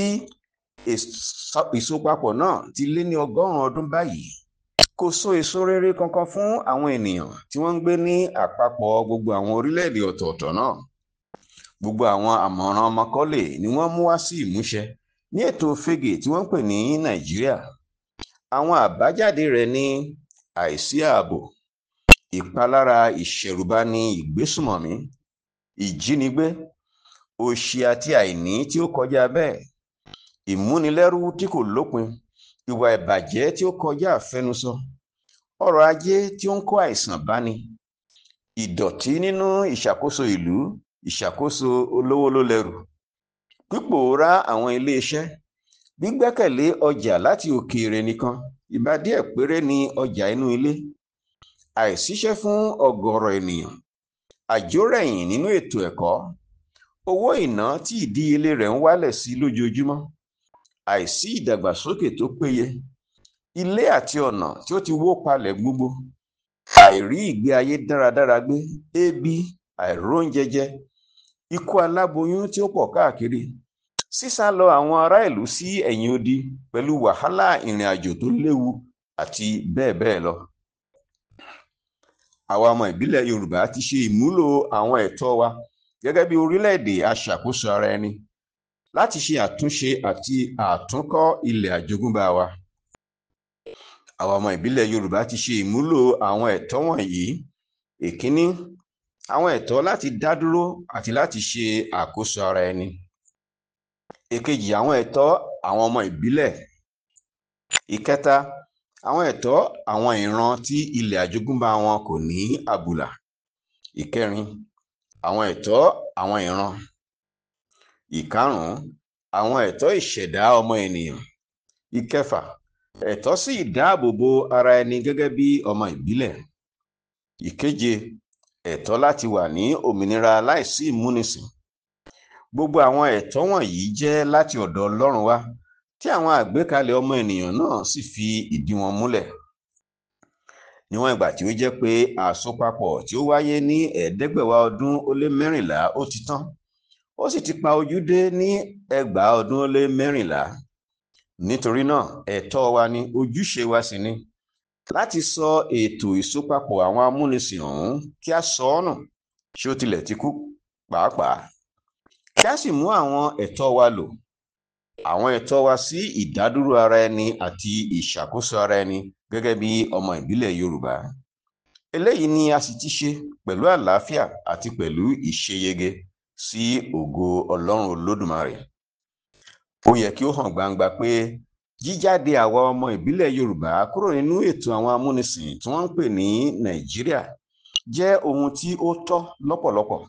ìsopapọ̀ náà ti lé ní ọgọ́rùn-ún ọdún báyìí kò so èso rere kankan fún àwọn ènìyàn tí wọ́n ń gbé ní àpapọ̀ gbogbo àwọn orílẹ̀-èdè ọ̀tọ̀ọ̀tọ̀ náà gbogbo àwọn àmọ̀ràn ọmọkọ́lé ni wọ́n mú wá sí ìmúṣẹ ní ètò òfegè tí wọ́n ń pè ní nàìjíríà àwọn àbájáde rẹ̀ ní àìsí ààbò ìpalára ìṣẹ̀rùbá ni ìgbésùmọ̀mí ìjínigbé òṣì àti àìní tí ó kọjá bẹ́ẹ̀ ìmúnilẹ́rú tí kò lópin ìwà ìbàjẹ́ tí ó kọjá àfẹnusọ ọrọ̀ ajé tí ó ń kó àìsàn báni ìdọ̀tí nínú ìṣàkóso ìlú ìṣàkóso olówó ló lẹ́rù pípòórá àwọn iléeṣẹ́ gbígbẹ́kẹ̀lé ọjà láti òkèèrè nìkan ìbá díẹ̀ ni ọjà inú ilé àìsíṣẹ́ fún ọ̀gọ̀rọ̀ ènìyàn àjórẹ̀yìn nínú ètò ẹ̀kọ́ owó ìná tí ìdíyelé rẹ̀ ń wálẹ̀ sí lójoojúmọ́ àìsí ìdàgbàsókè tó péye ilé àti ọ̀nà tí ó ti wó palẹ̀ gbogbo àìrí ìgbé ayé dáradára gbé ebi àìróúnjẹ jẹ ikú aláboyún tí ó pọ̀ káàkiri sísálọ àwọn ará ìlú sí ẹ̀yìn odi pẹ̀lú wàhálà ìrìn àjò tó léwu àti bẹ́ẹ̀ bẹ́ẹ̀ lọ àwa ọmọ ìbílẹ̀ yorùbá ti ṣe ìmúlò àwọn ẹ̀tọ́ wa gẹ́gẹ́ bí orílẹ̀-èdè aṣàkóso ara ẹni láti ṣe àtúnṣe àti àtúnkọ́ ilẹ̀ àjogúnbá wa àwa ọmọ ìbílẹ̀ yorùbá ti ṣe ìmúlò àwọn ẹ̀tọ́ wọ̀nyí èkíní àwọn ẹ̀tọ́ láti dá àti láti ṣe àkóso ara ẹni èkejì àwọn ẹ̀tọ́ àwọn ọmọ ìbílẹ̀ ìkẹta àwọn ẹ̀tọ́ àwọn ìran tí ilẹ̀ àjogúnbá wọn kò ní àbùlà ìkẹrin àwọn ẹ̀tọ́ àwọn ìran ìkarùn-ún àwọn ẹ̀tọ́ ìṣẹ̀dá ọmọ ènìyàn ìkẹfà ẹ̀tọ́ sí ìdáàbòbò ara ẹni gẹ́gẹ́ bí ọmọ ìbílẹ̀ ìkeje ẹ̀tọ́ láti wà ní òmìnira láìsí ìmúnisìn gbogbo àwọn ẹ̀tọ́ wọ̀nyí jẹ́ láti ọ̀dọ̀ Ọlọ́run wá tí àwọn àgbékalẹ̀ ọmọ ènìyàn náà sì fi ìdí wọn múlẹ̀ níwọ̀n ìgbà tí ó jẹ́ pé àsopapọ̀ tí ó wáyé ní ẹ̀ẹ́dẹ́gbẹ̀wá ọdún ó lé mẹ́rìnlá ó ti tán ó sì ti pa ojú dé ní ẹgbàá ọdún ó lé mẹ́rìnlá nítorí náà ẹ̀tọ́ wa ni ojúṣe wa sì ni láti sọ ètò ìsopapọ̀ àwọn amúnisìn ọ̀hún kí a sọ ọ́ nù ṣé ó tilẹ̀ ti kú pàápàá kí a sì mú àwọn ẹ̀tọ́ wa lò àwọn ẹ̀tọ́ wa sí ìdádúró ara ẹni àti ìṣàkóso ara ẹni gẹ́gẹ́ bí ọmọ ìbílẹ̀ Yorùbá eléyìí ni a sì ti ṣe pẹ̀lú àlàáfíà àti pẹ̀lú ìṣeyege sí ògo Ọlọ́run Olódùmarè ó yẹ kí ó hàn gbangba pé jíjáde àwa ọmọ ìbílẹ̀ Yorùbá kúrò nínú ètò àwọn amúnisìn tí wọ́n ń pè ní Nàìjíríà jẹ́ ohun tí ó tọ́ lọ́pọ̀lọpọ̀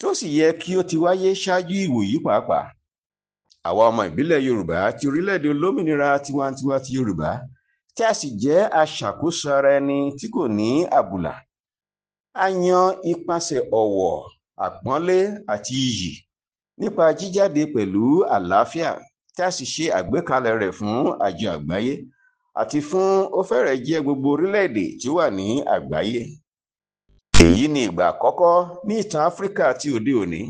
tó sì yẹ kí ó ti wáyé ṣáájú ìwòyí pàápàá àwa ọmọ ìbílẹ̀ yorùbá ti orílẹ̀-èdè olómìnira tiwantiwa ti yorùbá tí a sì jẹ́ aṣàkóso ara ẹni tí kò ní àbùlà a yan ipasẹ̀ ọ̀wọ̀ àpọ́nlé àti iyì nípa jíjáde pẹ̀lú àlàáfíà tí a sì ṣe àgbékalẹ̀ rẹ̀ fún àjọ àgbáyé àti fún ó fẹ́rẹ̀ jẹ́ gbogbo orílẹ̀-èdè tí wà ní àgbáyé èyí ni ìgbà àkọ́kọ́ ní ìtàn áfíríkà ti òde òní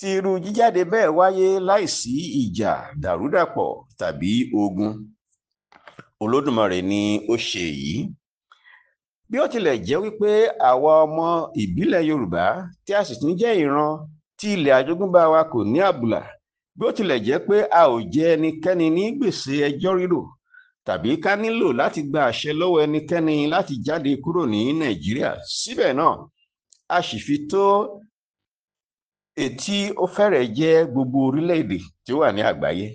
tí irú jíjáde bẹ́ẹ̀ wáyé láìsí ìjà dàrúdàpọ̀ tàbí ogun olódùmarè ni ó ṣe èyí bí ó tilẹ̀ jẹ́ wípé àwa ọmọ ìbílẹ̀ yorùbá tí a sì tún jẹ́ ìran tí ilẹ̀ àjogúnbá wa kò ní àbùlà bí ó tilẹ̀ jẹ́ pé a ò jẹ ẹnikẹ́ni ní gbèsè ẹjọ́ rírò tàbí ká nílò láti gba àṣẹ lọ́wọ́ ẹnikẹ́ni láti jáde kúrò ní nàìjíríà síbẹ̀ náà a sì fi tó ètí ó fẹ́rẹ̀ẹ́ jẹ́ gbogbo orílẹ̀-èdè tí ó wà ní àgbáyé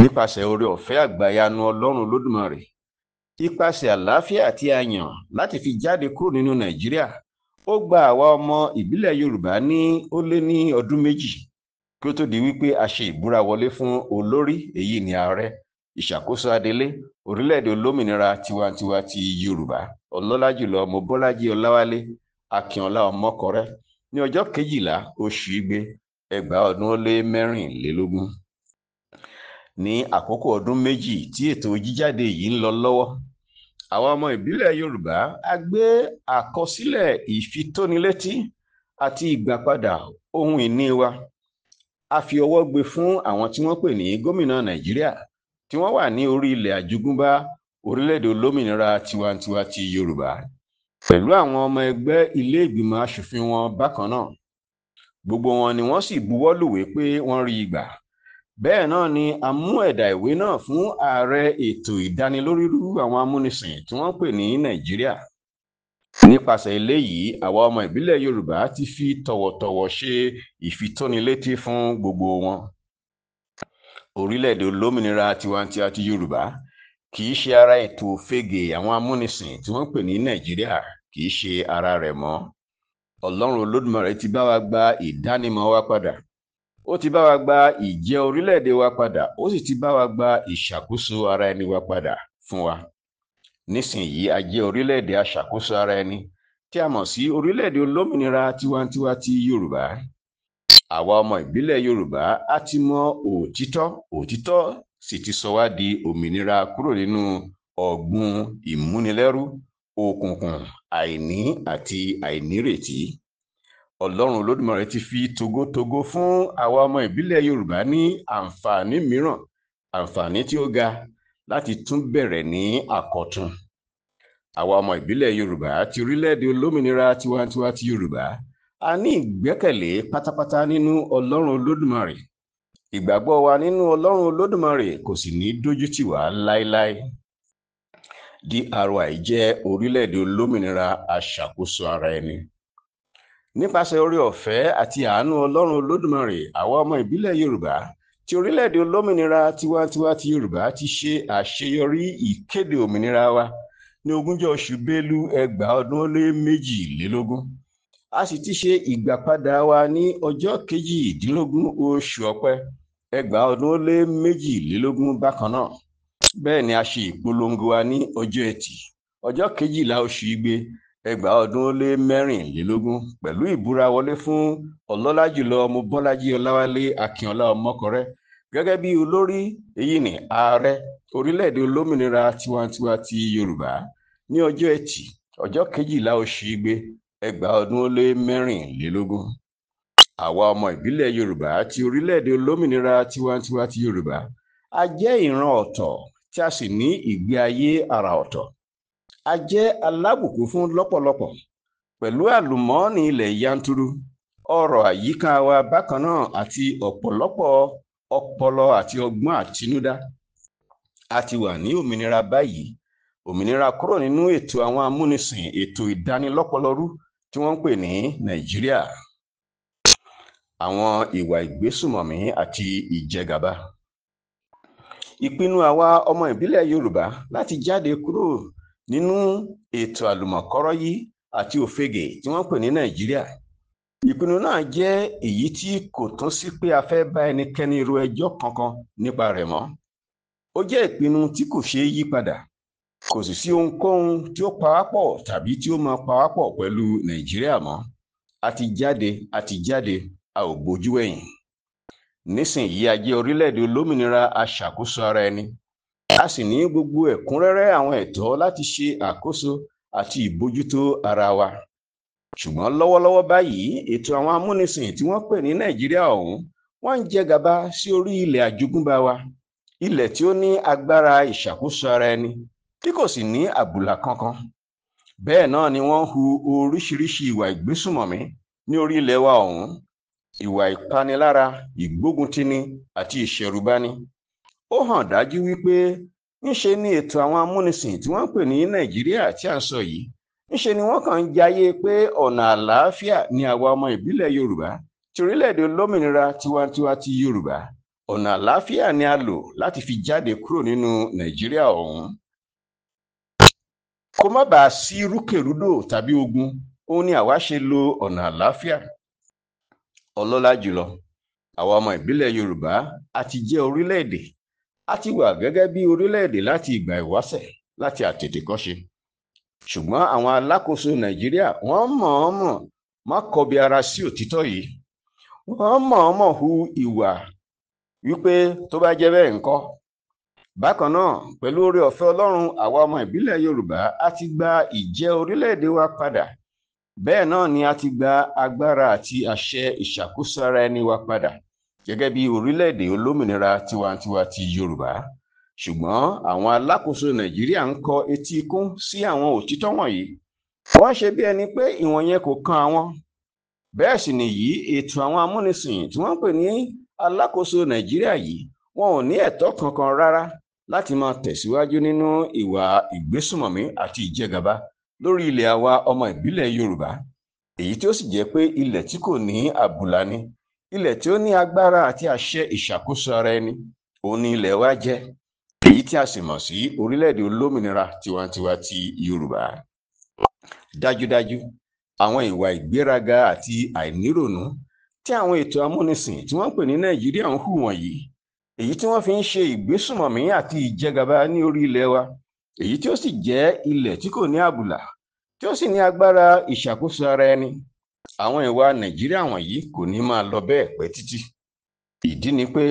nípasẹ̀ oore ọ̀fẹ́ àgbàyanu ọlọ́run olódùmarè ipasẹ̀ àlàáfíà tí a yàn láti fi jáde kúrò nínú nàìjíríà ó gba àwa ọmọ ìbílẹ̀ yorùbá ní ó lé ní ọdún méjì kí ó tó di wípé a ṣe ìbúra wọlé fún olórí èyí ni ààrẹ ìṣàkóso adelé orílẹ̀-èdè olómìnira tiwantiwa ti yorùbá ọlọ́lá jùlọ mọ́bọ́lájí ọláwálé akínọlá ọmọkọrẹ́ ní ọjọ́ kejìlá oṣù igbe ẹgbàá ọdún ó lé mẹ́rìnlélógún ní àkókò ọdún méjì tí ètò jíjáde yìí ń lọ lọ́wọ́ àwọn ọmọ ìbílẹ̀ yorùbá á gbé àkọsílẹ̀ ìfitónilétí àti ìgbàpadà ohun ìní wa a fi ọwọ́ gbé fún àwọn tí wọ́n pè ní gómìnà nàìjíríà tí wọ́n wà ní orí ilẹ̀ àjogúnbá orílẹ̀-èdè olómìnira tiwantiwa ti yorùbá pẹ̀lú àwọn ọmọ ẹgbẹ́ ìlèégbìmọ̀ asòfin wọn bákan náà gbogbo wọn ni wọ́n sì buwọ́ lùwé pé wọ́n rí i gbà bẹ́ẹ̀ náà ni a mú ẹ̀dà ìwé náà fún ààrẹ ètò ìdánilórírú àwọn amúnisìn tí wọ́n pè ní nàìjíríà nípasẹ̀ eléyìí àwa ọmọ ìbílẹ̀ yorùbá ti fi tọ̀wọ̀tọ̀wọ̀ ṣe ìfitónilétí fún gbogbo wọn orílẹ̀-èdè olómìnira tiwantiwa ti yorùbá kì í ṣe ara ètò òfegè àwọn amúnisìn tí wọ́n pè ní nàìjíríà kì í ṣe ara rẹ̀ mọ́ ọlọ́run olódùmarè ti bá wa gba ìdánimọ̀ wa padà ó ti bá wa gba ìjẹ́ orílẹ̀-èdè wa padà ó sì ti bá wa gba ìṣàkóso ara ẹni wa padà fún wa nísìnyí a jẹ́ orílẹ̀ aṣàkóso ara ẹni tí a mọ̀ sí orílẹ̀-èdè olómìnira tiwantiwa ti yorùbá àwa ọmọ ìbílẹ̀ yorùbá a ti mọ òtítọ́ òtítọ́ sì ti sọ wá di òmìnira kúrò nínú ọ̀gbun ìmúnilẹ́rú òkùnkùn àìní àti àìnírètí ọlọ́run olódùmarè ti fi togotogo fún àwa ọmọ ìbílẹ̀ yorùbá ní àǹfààní mìíràn àǹfààní tí ó ga láti tún bẹ̀rẹ̀ ní àkọ́tun àwa ọmọ ìbílẹ̀ yorùbá ti orílẹ̀-èdè olómìnira tiwantiwa ti yorùbá a ní ìgbẹ́kẹ̀lé pátápátá nínú ọlọ́run olódùmarè ìgbàgbọ́ wa nínú ọlọ́run olódùmarè kò sì ní dójú tì wá láéláé DRY jẹ́ orílẹ̀-èdè olómìnira aṣàkóso ara ẹni nípasẹ̀ oore ọ̀fẹ́ àti àánú ọlọ́run olódùmarè àwa ọmọ ìbílẹ̀ yorùbá ti orílẹ̀-èdè olómìnira tiwantiwa ti yorùbá ti ṣe àṣeyọrí ìkéde òmìnira wa ní ogúnjọ́ oṣù bélú ẹgbàá ọdún ó lé méjìlélógún a sì ti ṣe ìgbàpadà wa ní ọjọ́ kejìdínlógún oṣù ọ̀pẹ ẹgbàá ọdún ó lé méjìlélógún bákan náà bẹ́ẹ̀ ni a ṣe ìpolongo wa ní ọjọ́ ẹtì ọjọ́ kejìlá oṣù igbe ẹgbàá ọdún ó lé mẹ́rìnlélógún pẹ̀lú ìbúra wọlé fún ọlọ́lá jùlọ ọmọ bọ́lájí ọláwálé akínọlá ọmọkọrẹ́ gẹ́gẹ́ bí olórí èyí ni ààrẹ orílẹ̀-èdè olómìnira tiwantiwa ti yorùbá ní ọjọ́ ẹtì ọjọ́ kejìlá oṣù igbe ẹgbàá ọdún ó lé mẹ́rìnlélógún àwa ọmọ ìbílẹ̀ yorùbá ti orílẹ̀-èdè olómìnira tiwantiwa ti yorùbá a jẹ́ ìran ọ̀tọ̀ tí a sì ní ìgbé ayé àrà ọ̀tọ̀ a jẹ́ alábùkún fún lọ́pọ̀lọpọ̀ pẹ̀lú àlùmọ́ọ́nì ilẹ̀ yanturu ọrọ̀ àyíká wa bákan náà àti ọ̀pọ̀lọpọ̀ ọpọlọ àti ọgbọ́n àtinúdá a ti wà ní òmìnira báyìí òmìnira kúrò nínú ètò àwọn amúnisìn ètò ìdánilọ́pọlọrú tí wọ́n ń pè ní nàìjíríà àwọn ìwà ìgbésùmọ̀mí àti ìjẹgàba ìpinnu àwa ọmọ ìbílẹ̀ yorùbá láti jáde kúrò nínú ètò àlùmọ̀kọ́rọ́yí àti òfegè tí wọ́n ń pè ní nàìjíríà ìpinnu náà jẹ́ èyí tí kò tún sí pé a fẹ́ bá ẹnikẹ́ni ro ẹjọ́ kankan nípa rẹ̀ mọ́ ó jẹ́ ìpinnu tí kò ṣeé yí padà kò sì sí ohunkóhun tí ó pawápọ̀ tàbí tí ó máa pawápọ̀ pẹ̀lú nàìjíríà mọ́ a ti jáde a ti jáde a ò gbójú ẹ̀yìn nísìnyí a jẹ́ orílẹ̀-èdè olómìnira aṣàkóso ara ẹni a sì ní gbogbo ẹ̀kúnrẹ́rẹ́ àwọn ẹ̀tọ́ láti ṣe àkóso àti ìbójútó ara wa ṣùgbọ́n lọ́wọ́lọ́wọ́ báyìí ètò àwọn amúnisìn tí wọ́n pè ní nàìjíríà ọ̀hún wọ́n ń jẹ gàba sí orí ilẹ̀ àjogúnbá wa ilẹ̀ tí ó ní agbára ìṣàkóso ara ẹni tí kò sì ní àbùlà kankan bẹ́ẹ̀ náà ni wọ́n hu oríṣiríṣi ìwà ìgbésùmọ̀mí ní orí ilẹ̀ wa ọ̀hún ìwà ìpanilára ìgbóguntíni àti ìṣẹ̀rùbani ó hàn dájú wípé ńṣe ni ètò àwọn amúnisìn tí wọ́n ń pè ní nàìjíríà tí à ń sọ yìí ńṣe ni wọ́n kàn ń jayé pé ọ̀nà àlàáfíà ni àwa ọmọ ìbílẹ̀ yorùbá ti orílẹ̀-èdè olómìnira tiwantiwa ti yorùbá ọ̀nà àlàáfíà ni a lò láti fi jáde kúrò nínú nàìjíríà ọ̀hún kó má bàa sí rúkèrúdò tàbí ogun ó ní àwa ṣe lo ọ̀nà àlàáfíà ọlọ́lá jùlọ àwa ọmọ ìbílẹ̀ yorùbá a ti jẹ́ orílẹ̀-èdè a ti wà gẹ́gẹ́ bí orílẹ̀-èdè láti ìgbà ìwáṣẹ̀ láti àtètèkọ́ṣe ṣùgbọ́n àwọn alákòóso nàìjíríà wọ́n mọ̀ọ́mọ̀ má kọbi ara sí òtítọ́ yìí wọ́n mọ̀ọ́mọ̀ hu ìwà wípé tó bá jẹ́ bẹ́ẹ̀ ńkọ́ bákan náà pẹ̀lú oore ọ̀fẹ́ ọlọ́run àwa ọmọ ìbílẹ̀ yorùbá a ti gba ìjẹ́ orílẹ̀-èdè wa padà bẹ́ẹ̀ náà ni a ti gba agbára àti àṣẹ ìṣàkóso ara ẹni wa padà gẹ́gẹ́ bí orílẹ̀-èdè olómìnira tiwantiwa ti yorùbá ṣùgbọ́n àwọn alákòóso nàìjíríà ń kọ etí ikún sí àwọn òtítọ́ wọ̀nyí wọ́n ṣe bí ẹni pé ìwọ̀n yẹn kò kan àwọn bẹ́ẹ̀ sì nìyí ètò àwọn amúnisìn tí wọ́n pè ní alákòóso nàìjíríà yìí wọn ò ní ẹ̀tọ́ kankan rárá láti máa tẹ̀síwájú nínú ìwà ìgbésùmọ̀mí àti ìjẹgàba lórí ilẹ̀ àwa ọmọ ìbílẹ̀ yorùbá èyí tí ó sì jẹ́ pé ilẹ̀ tí kò ní àbùlà ni ilẹ̀ tí ó ní agbára àti àṣẹ ìṣàkóso ara ẹni òun ni ilẹ̀ wa jẹ́ èyí tí a sì mọ̀ sí orílẹ̀-èdè olómìnira tiwantiwa ti yorùbá dájúdájú àwọn ìwà ìgbéraga àti àìnírònú tí àwọn ètò amúnisìn tí wọ́n pè ní nàìjíríà ń hù wọ̀nyí èyí tí wọ́n fi ń ṣe ìgbésùmọ̀mí àti ìjẹgàba ní orí ilẹ̀ wa èyí tí ó sì jẹ́ ilẹ̀ tí kò ní àbùlà tí ó sì ní agbára ìṣàkóso ara ẹni àwọn ìwà nàìjíríà wọ̀nyí kò ní máa lọ bẹ́ẹ̀ pẹ́ títí ìdí ni pé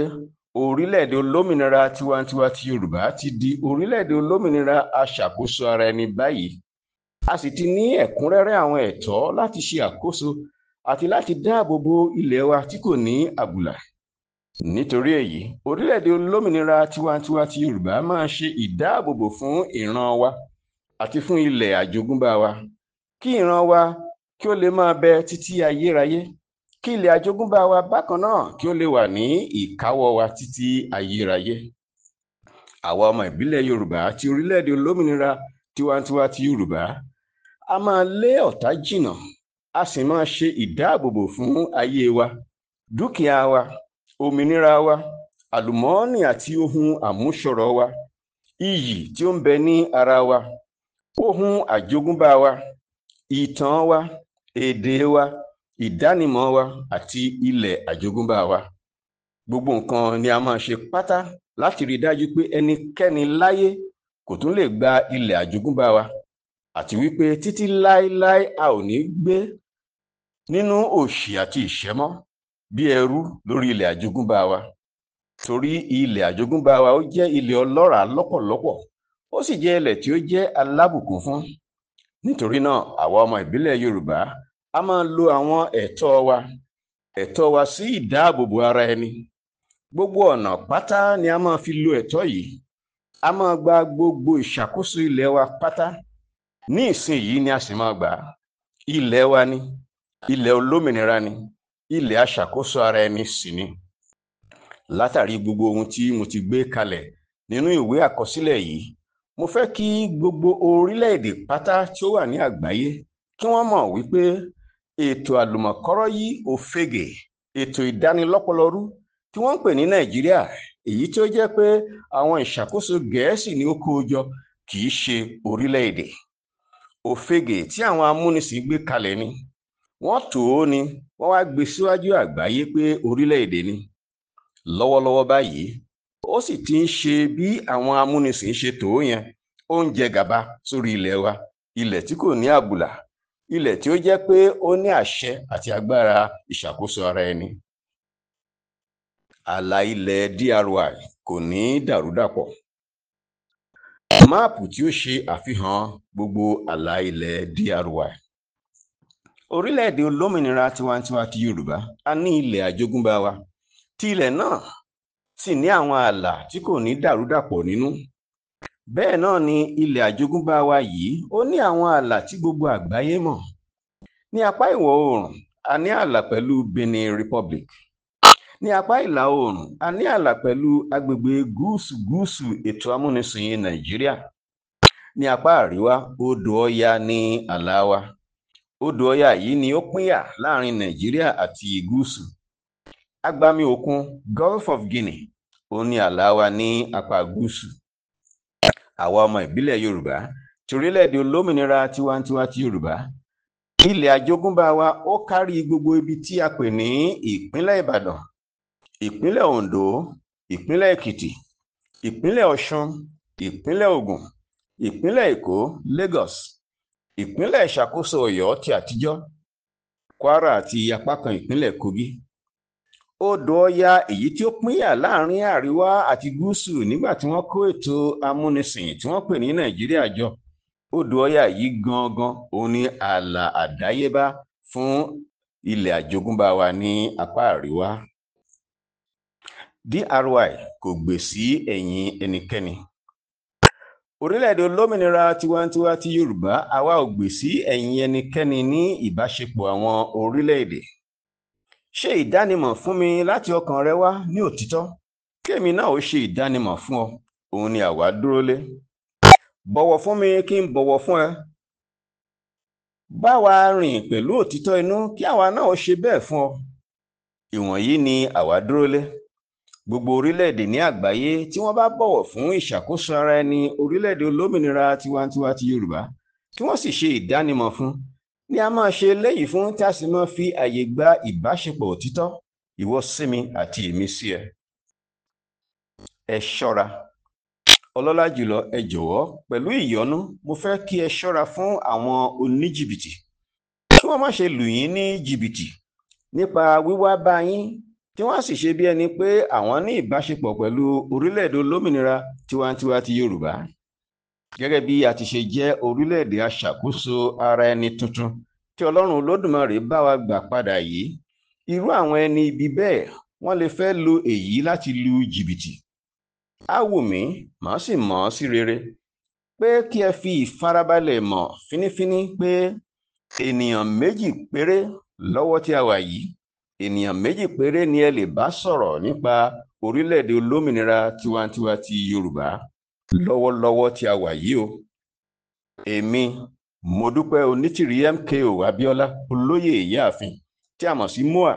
orílẹ̀ olómìnira tiwantiwa ti yorùbá ti di orílẹ̀-èdè olómìnira aṣàkóso ara ẹni báyìí a sì ti ní ẹ̀kúnrẹ́rẹ́ àwọn ẹ̀tọ́ láti ṣe àkóso àti láti dáàbò bo ilẹ̀ wa tí kò ní àbùlà nítorí èyí orílẹ̀-èdè olómìnira tiwantiwa ti yorùbá máa ṣe ìdáàbòbò fún ìran wa àti fún ilẹ̀ àjogúnbá wa kí ìran wa kí ó lè máa bẹ títí ayérayé kí ilẹ̀ àjogúnbá wa bákan náà kí ó lè wà ní ìkáwọ́ wa títí ayérayé àwa ọmọ ìbílẹ̀ yorùbá ti orílẹ̀-èdè olómìnira tiwantiwa ti yorùbá a máa lé ọ̀tá jìnnà a sì máa ṣe ìdáàbòbò fún ayé wa dúkìá wa òmìnira wa àlùmọ́ọ́nì àti ohun àmúṣọrọ̀ wa iyì tí ó ń bẹ ní ara wa ohun àjogúnbá wa ìtàn wa èdè wa ìdánimọ̀ wa àti ilẹ̀ àjogúnbá wa gbogbo nǹkan ni a máa ṣe pátá láti rí dájú pé ẹnikẹ́ni láyé kò tún lè gba ilẹ̀ àjogúnbá wa àti wípé títí láéláé a ò ní gbé nínú òṣì àti ìṣẹ́mọ́ bí ẹrú lórí ilẹ̀ àjogúnbá wa torí ilẹ̀ àjogúnbá wa ó jẹ́ ilẹ̀ ọlọ́ràá lọ́pọ̀lọpọ̀ ó sì jẹ́ ilẹ̀ tí ó jẹ́ alábùkún fún nítorí náà àwa ọmọ ìbílẹ̀ Yorùbá a máa lo àwọn ẹ̀tọ́ wa ẹ̀tọ́ wa sí ìdáàbòbò ara ẹni gbogbo ọ̀nà pátá ni a máa fi lo ẹ̀tọ́ yìí a máa gba gbogbo ìṣàkóso ilẹ̀ wa pátá ní ìsìn yìí ni a sì máa gbà ilẹ̀ wa ni ilẹ̀ olómìnira ni ilẹ̀ aṣàkóso ara ẹni sì ni látàrí gbogbo ohun tí mo ti gbé kalẹ̀ nínú ìwé àkọsílẹ̀ yìí mo fẹ́ kí gbogbo orílẹ̀-èdè pátá tí ó wà ní àgbáyé kí wọ́n mọ̀ wípé ètò àlùmọ̀kọ́rọ́ yí òfegè ètò ìdánilọ́pọlọrú tí wọ́n ń pè ní nàìjíríà èyí tí ó jẹ́ pé àwọn ìṣàkóso gẹ̀ẹ́sì ni ó kó kì í ṣe orílẹ̀-èdè òfegè tí àwọn amúnisìn gbé kalẹ̀ ni wọ́n tò ó ni wọ́n wá gbé síwájú àgbáyé pé orílẹ̀-èdè ni lọ́wọ́lọ́wọ́ báyìí ó sì ti ń ṣe bí àwọn amúnisìn ṣe tò ó yẹn ó ń jẹ gàba sórí ilẹ̀ wa ilẹ̀ tí kò ní àbùlà ilẹ̀ tí ó jẹ́ pé ó ní àṣẹ àti agbára ìṣàkóso ara ẹni ààlà ilẹ̀ DRY kò ní dàrúdàpọ̀ máàpù tí ó ṣe àfihàn gbogbo ààlà ilẹ̀ DRY orílẹ̀-èdè olómìnira tiwantiwa ti yorùbá a ní ilẹ̀ àjogúnbá wa tí ilẹ̀ náà sì ní àwọn ààlà tí kò ní dàrúdàpọ̀ nínú bẹ́ẹ̀ náà ni ilẹ̀ àjogúnbá wa yìí ó ní àwọn ààlà tí gbogbo àgbáyé mọ̀ ní apá ìwọ̀ oòrùn a ní ààlà pẹ̀lú Benin Republic ní apá ìlà oòrùn a ní ààlà pẹ̀lú agbègbè gúúsù gúúsù ètò amúnisìn Nàìjíríà ní apá àríwá odò Ọya ní ààlà odò ọya yìí ni ó pínyà láàrin nàìjíríà àti gúúsù agbami òkun gulf of guinea ó ní àlá wa ní apá gúúsù àwa ọmọ ìbílẹ̀ yorùbá torílẹ̀-èdè olómìnira tiwantiwa ti yorùbá ilẹ̀ àjogúnbá wa ó kárí gbogbo ibi tí a pè ní ìpínlẹ̀ ìbàdàn ìpínlẹ̀ ondo ìpínlẹ̀ èkìtì ìpínlẹ̀ ọ̀ṣun ìpínlẹ̀ ògùn ìpínlẹ̀ èkó lagos ìpínlẹ̀ ìṣàkóso ọ̀yọ́ ti àtijọ́ kwara àti apá kan ìpínlẹ̀ kogi odò ọya èyí tí ó pínyà láàrin àríwá àti gúúsù nígbà tí wọ́n kó ètò amúnisìn tí wọ́n pè ní nàìjíríà jọ odò ọya yìí gangan òun ni ààlà àdáyébá fún ilẹ̀ àjogúnbá wa ní apá àríwá DRY kò gbè ẹ̀yìn ẹnikẹ́ni orílẹ̀-èdè olómìnira tiwantiwa ti yorùbá àwa ò gbè sí ẹ̀yìn ẹnikẹ́ni ní ìbáṣepọ̀ àwọn orílẹ̀ ṣe ìdánimọ̀ fún mi láti ọkàn rẹ wá ní òtítọ́ kémi náà ó ṣe ìdánimọ̀ fún ọ òun ni àwa dúró lé bọ̀wọ̀ fún mi kí n bọ̀wọ̀ fún ẹ bá wa rìn pẹ̀lú òtítọ́ inú kí àwa náà ó ṣe bẹ́ẹ̀ fún ọ ìwọ̀nyí ni àwa dúró lé gbogbo orílẹ̀-èdè ní àgbáyé tí wọ́n bá bọ̀wọ̀ fún ìṣàkóso ara ẹni orílẹ̀-èdè olómìnira tiwantiwa ti yorùbá tí wọ́n sì ṣe ìdánimọ̀ fún ni a máa ṣe léyìí fún tí a sì máa fi àyè gba ìbáṣepọ̀ òtítọ́ ìwọ sí mi àti èmi sí ẹ. ẹ ṣọ́ra ọlọ́lá jùlọ ẹ jọ̀wọ́ pẹ̀lú ìyọ́nú mo fẹ́ kí ẹ ṣọ́ra fún àwọn oníjìbìtì kí wọ́n má ṣe lù yín ní jìbìtì nípa wíwá bá yín tí wọ́n sì ṣe bí ẹni pé àwọn ní ìbáṣepọ̀ pẹ̀lú orílẹ̀-èdè olómìnira tiwantiwa ti Yorùbá gẹ́gẹ́ bí a ti ṣe jẹ́ orílẹ̀-èdè aṣàkóso ara ẹni tuntun tí Ọlọ́run Olódùmarè bá wa gbà padà yìí irú àwọn ẹni ibi bẹ́ẹ̀ wọ́n lè fẹ́ lo èyí láti lu jìbìtì á wù mí màá sì mọ̀ ọ́ sí rere pé kí ẹ fi ìfarabalẹ̀ mọ̀ fínífíní pé ènìyàn méjì péré lọ́wọ́ tí a wà yìí ènìyàn méjì péré ni ẹ lè bá sọ̀rọ̀ nípa orílẹ̀-èdè olómìnira tiwantiwa ti yorùbá lọ́wọ́lọ́wọ́ tí a wà yìí o èmi mọ́dúpẹ́ onítìrí MKO abíọ́lá olóyè ìyáàfin tí a mọ̀ sí moa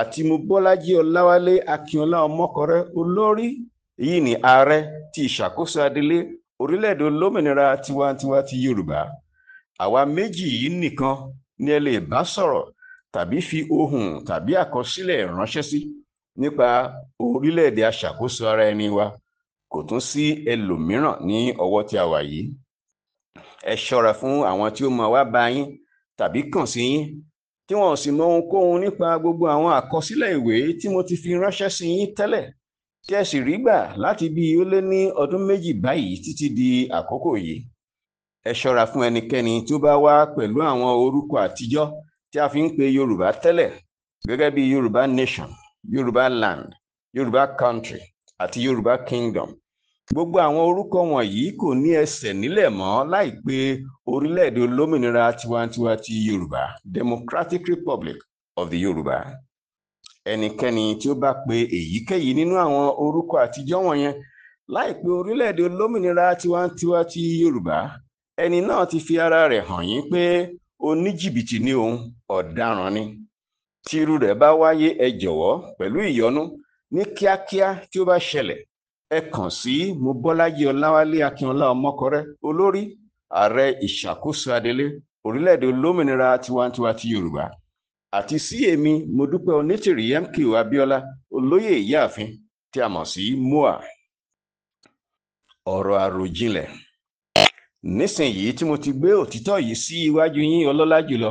àti mo bọ́lájí ọláwálé akínọlá ọmọkọrẹ olórí èyí ni ààrẹ ti ìṣàkóso adelé orílẹ̀-èdè olómìnira tiwantiwa ti yorùbá àwa méjì yìí nìkan ni ẹ lè bá sọ̀rọ̀ tàbí fi ohùn tàbí àkọsílẹ̀ ránṣẹ́ sí nípa orílẹ̀-èdè aṣàkóso ara ẹni wa kò tún sí ẹlòmíràn ní ọwọ́ tí a wà yìí ẹ ṣọ́ra fún àwọn tí ó máa wá bá yín tàbí kàn sí yín tí wọn ò sì mọ ohunkóhun nípa gbogbo àwọn àkọsílẹ̀ ìwé tí mo ti fi ránṣẹ́ sí yín tẹ́lẹ̀ tí ẹ sì rí gbà láti bí ó lé ní ọdún méjì báyìí títí di àkókò yìí ẹ ṣọ́ra fún ẹnikẹ́ni tí ó bá wá pẹ̀lú àwọn orúkọ àtijọ́ tí a fi ń pe yorùbá tẹ́lẹ̀ gẹ́gẹ́ bí yorùbá nation yorùbá land yorùbá country àti yorùbá kingdom gbogbo àwọn orúkọ wọ̀nyí kò ní ẹsẹ̀ nílẹ̀ mọ́ láìpé orílẹ̀-èdè olómìnira tiwantiwa ti yorùbá democratic republic of the yorùbá ẹnikẹ́ni tí ó bá pe èyíkéyìí nínú àwọn orúkọ àtijọ́ wọ̀nyẹn láìpé orílẹ̀-èdè olómìnira tiwantiwa ti yorùbá ẹni náà ti fi ara rẹ̀ hàn yín pé oníjìbìtì ni òun ọ̀daràn ni tírú rẹ̀ bá wáyé ẹ jọ̀wọ́ pẹ̀lú ìyọ́nú ní kíákíá tí ó bá ṣẹlẹ̀ ẹ kàn sí mobọ́lájí ọláwálé akínọlá ọmọkọrẹ olórí ààrẹ ìṣàkóso adelé orílẹ̀-èdè olómìnira tiwantiwa ti yorùbá àti sí èmi modúpẹ́ onítìrí mko abíọ́lá olóyè ìyáàfin tí a mọ̀ sí moa ọ̀rọ̀ àròjinlẹ̀ nísìnyìí tí mo ti gbé òtítọ́ yìí sí iwájú yín ọlọ́lá jùlọ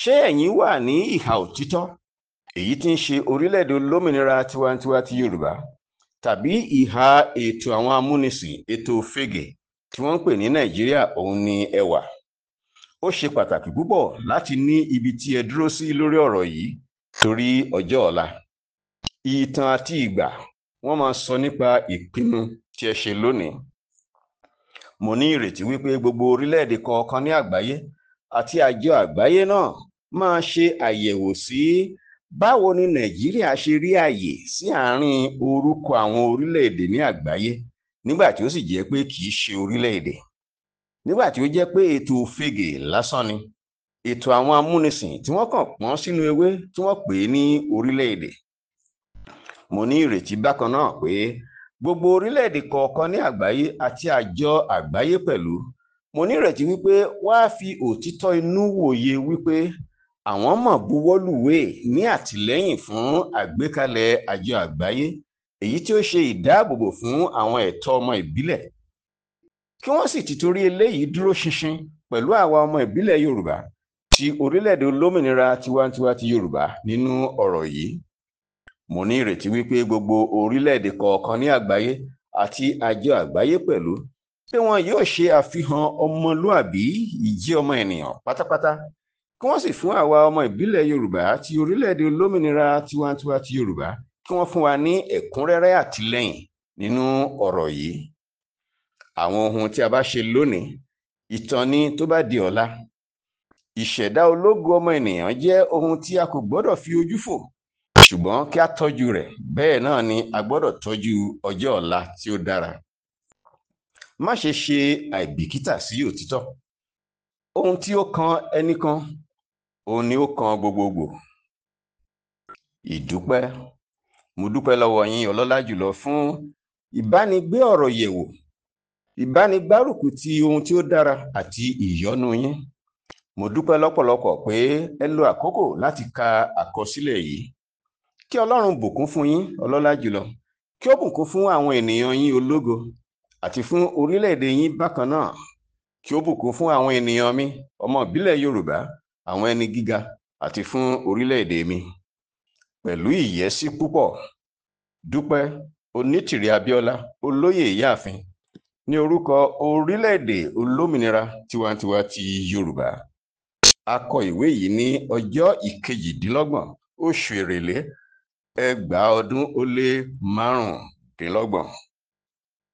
ṣé ẹ̀yin wà ní ìhà òtítọ́ èyí tí ń ṣe orílẹ̀-èdè olómìnira tiwantiwa ti yorùbá tàbí ìhà ètò àwọn amúnisìn ètò fege tí wọ́n ń pè ní nàìjíríà òun ni ẹ wà ó ṣe pàtàkì púpọ̀ láti ní ibi tí ẹ dúró sí lórí ọ̀rọ̀ yìí torí ọjọ́ ọ̀la ìtàn àti ìgbà wọ́n máa sọ nípa ìpinnu tí ẹ ṣe lónìí mo ní ìrètí wípé gbogbo orílẹ̀-èdè kọ̀ọ̀kan ní àgbáyé àti àjọ àgbáyé náà máa ṣe àyẹ̀wò sí báwo ni nàìjíríà ṣe rí àyè sí àárín orúkọ àwọn orílẹ̀-èdè ní àgbáyé nígbà tí ó sì jẹ́ pé kì í ṣe orílẹ̀-èdè nígbà tí ó jẹ́ pé ètò òfegè lásán ni ètò àwọn amúnisìn tí wọ́n kàn pọ́n sínú ewé tí wọ́n pè é ní orílẹ̀-èdè mo ní ìrètí bákan náà pé gbogbo orílẹ̀-èdè kọ̀ọ̀kan ní àgbáyé àti àjọ àgbáyé pẹ̀lú mo nírètí wípé wá fi òtítọ́ inú wòye wípé àwọn mọ̀ buwọ́lùwé ní àtìlẹ́yìn fún àgbékalẹ̀ àjọ àgbáyé èyí tí ó ṣe ìdáàbòbò fún àwọn ẹ̀tọ́ ọmọ ìbílẹ̀ kí wọ́n sì ti torí eléyìí dúró ṣinṣin pẹ̀lú àwa ọmọ ìbílẹ̀ yorùbá ti orílẹ̀-èdè olómìnira tiwantiwa ti yorùbá nínú ọ̀rọ̀ yìí mo ní ìrètí wípé gbogbo orílẹ̀-èdè kọ̀ọ̀kan ní àgbáyé àti àjọ àgbáyé pẹ̀lú pé wọn yóò ṣe àfihàn ọmọlúàbí ìjẹ́ ọmọ ènìyàn pátápátá kí wọ́n sì fún àwa ọmọ ìbílẹ̀ yorùbá ti orílẹ̀-èdè olómìnira tiwantiwa ti yorùbá kí wọ́n fún wa ní ẹ̀kúnrẹ́rẹ́ àtìlẹ́yìn nínú ọ̀rọ̀ yìí àwọn ohun tí a bá ṣe lónìí ìtàn tó bá di ọ̀la ìṣẹ̀dá ológo ọmọ ènìyàn jẹ́ ohun tí a kò gbọ́dọ̀ fi ojú fò ṣùgbọ́n kí a tọ́jú rẹ̀ bẹ́ẹ̀ náà ni a gbọ́dọ̀ tọ́jú ọjọ́ ọ̀la tí ó dára má ṣe ṣe àìbìkítà sí òtítọ́ ohun tí ó kan ẹnìkan òun ni ó kan gbogbogbò ìdúpẹ́ mo dúpẹ́ lọ́wọ́ yín ọlọ́lá jùlọ fún ìbánigbé ọ̀rọ̀ yẹ̀wò ìbánigbárùkù ti ohun tí ó dára àti ìyọ́nú yín mo dúpẹ́ lọ́pọ̀lọpọ̀ pé ẹ lo àkókò láti ka àkọsílẹ̀ yìí kí ọlọ́run bùkún fún yín ọlọ́lá jùlọ kí ó bùkún fún àwọn ènìyàn yín ológo àti fún orílẹ̀-èdè yín bákan náà kí ó bùkún fún àwọn ènìyàn mi ọmọ ìbílẹ̀ yorùbá àwọn ẹni gíga àti fún orílẹ̀-èdè mi pẹ̀lú ìyẹ́sí púpọ̀ dúpẹ́ onítìrí abíọ́lá olóyè ìyáàfin ní orúkọ orílẹ̀-èdè olómìnira tiwantiwa ti yorùbá a kọ ìwé yìí ní ọjọ́ ìkejìdínlọ́gbọ̀n oṣù èrèlé ẹgbàá ọdún ó lé márùndínlọ́gbọ̀n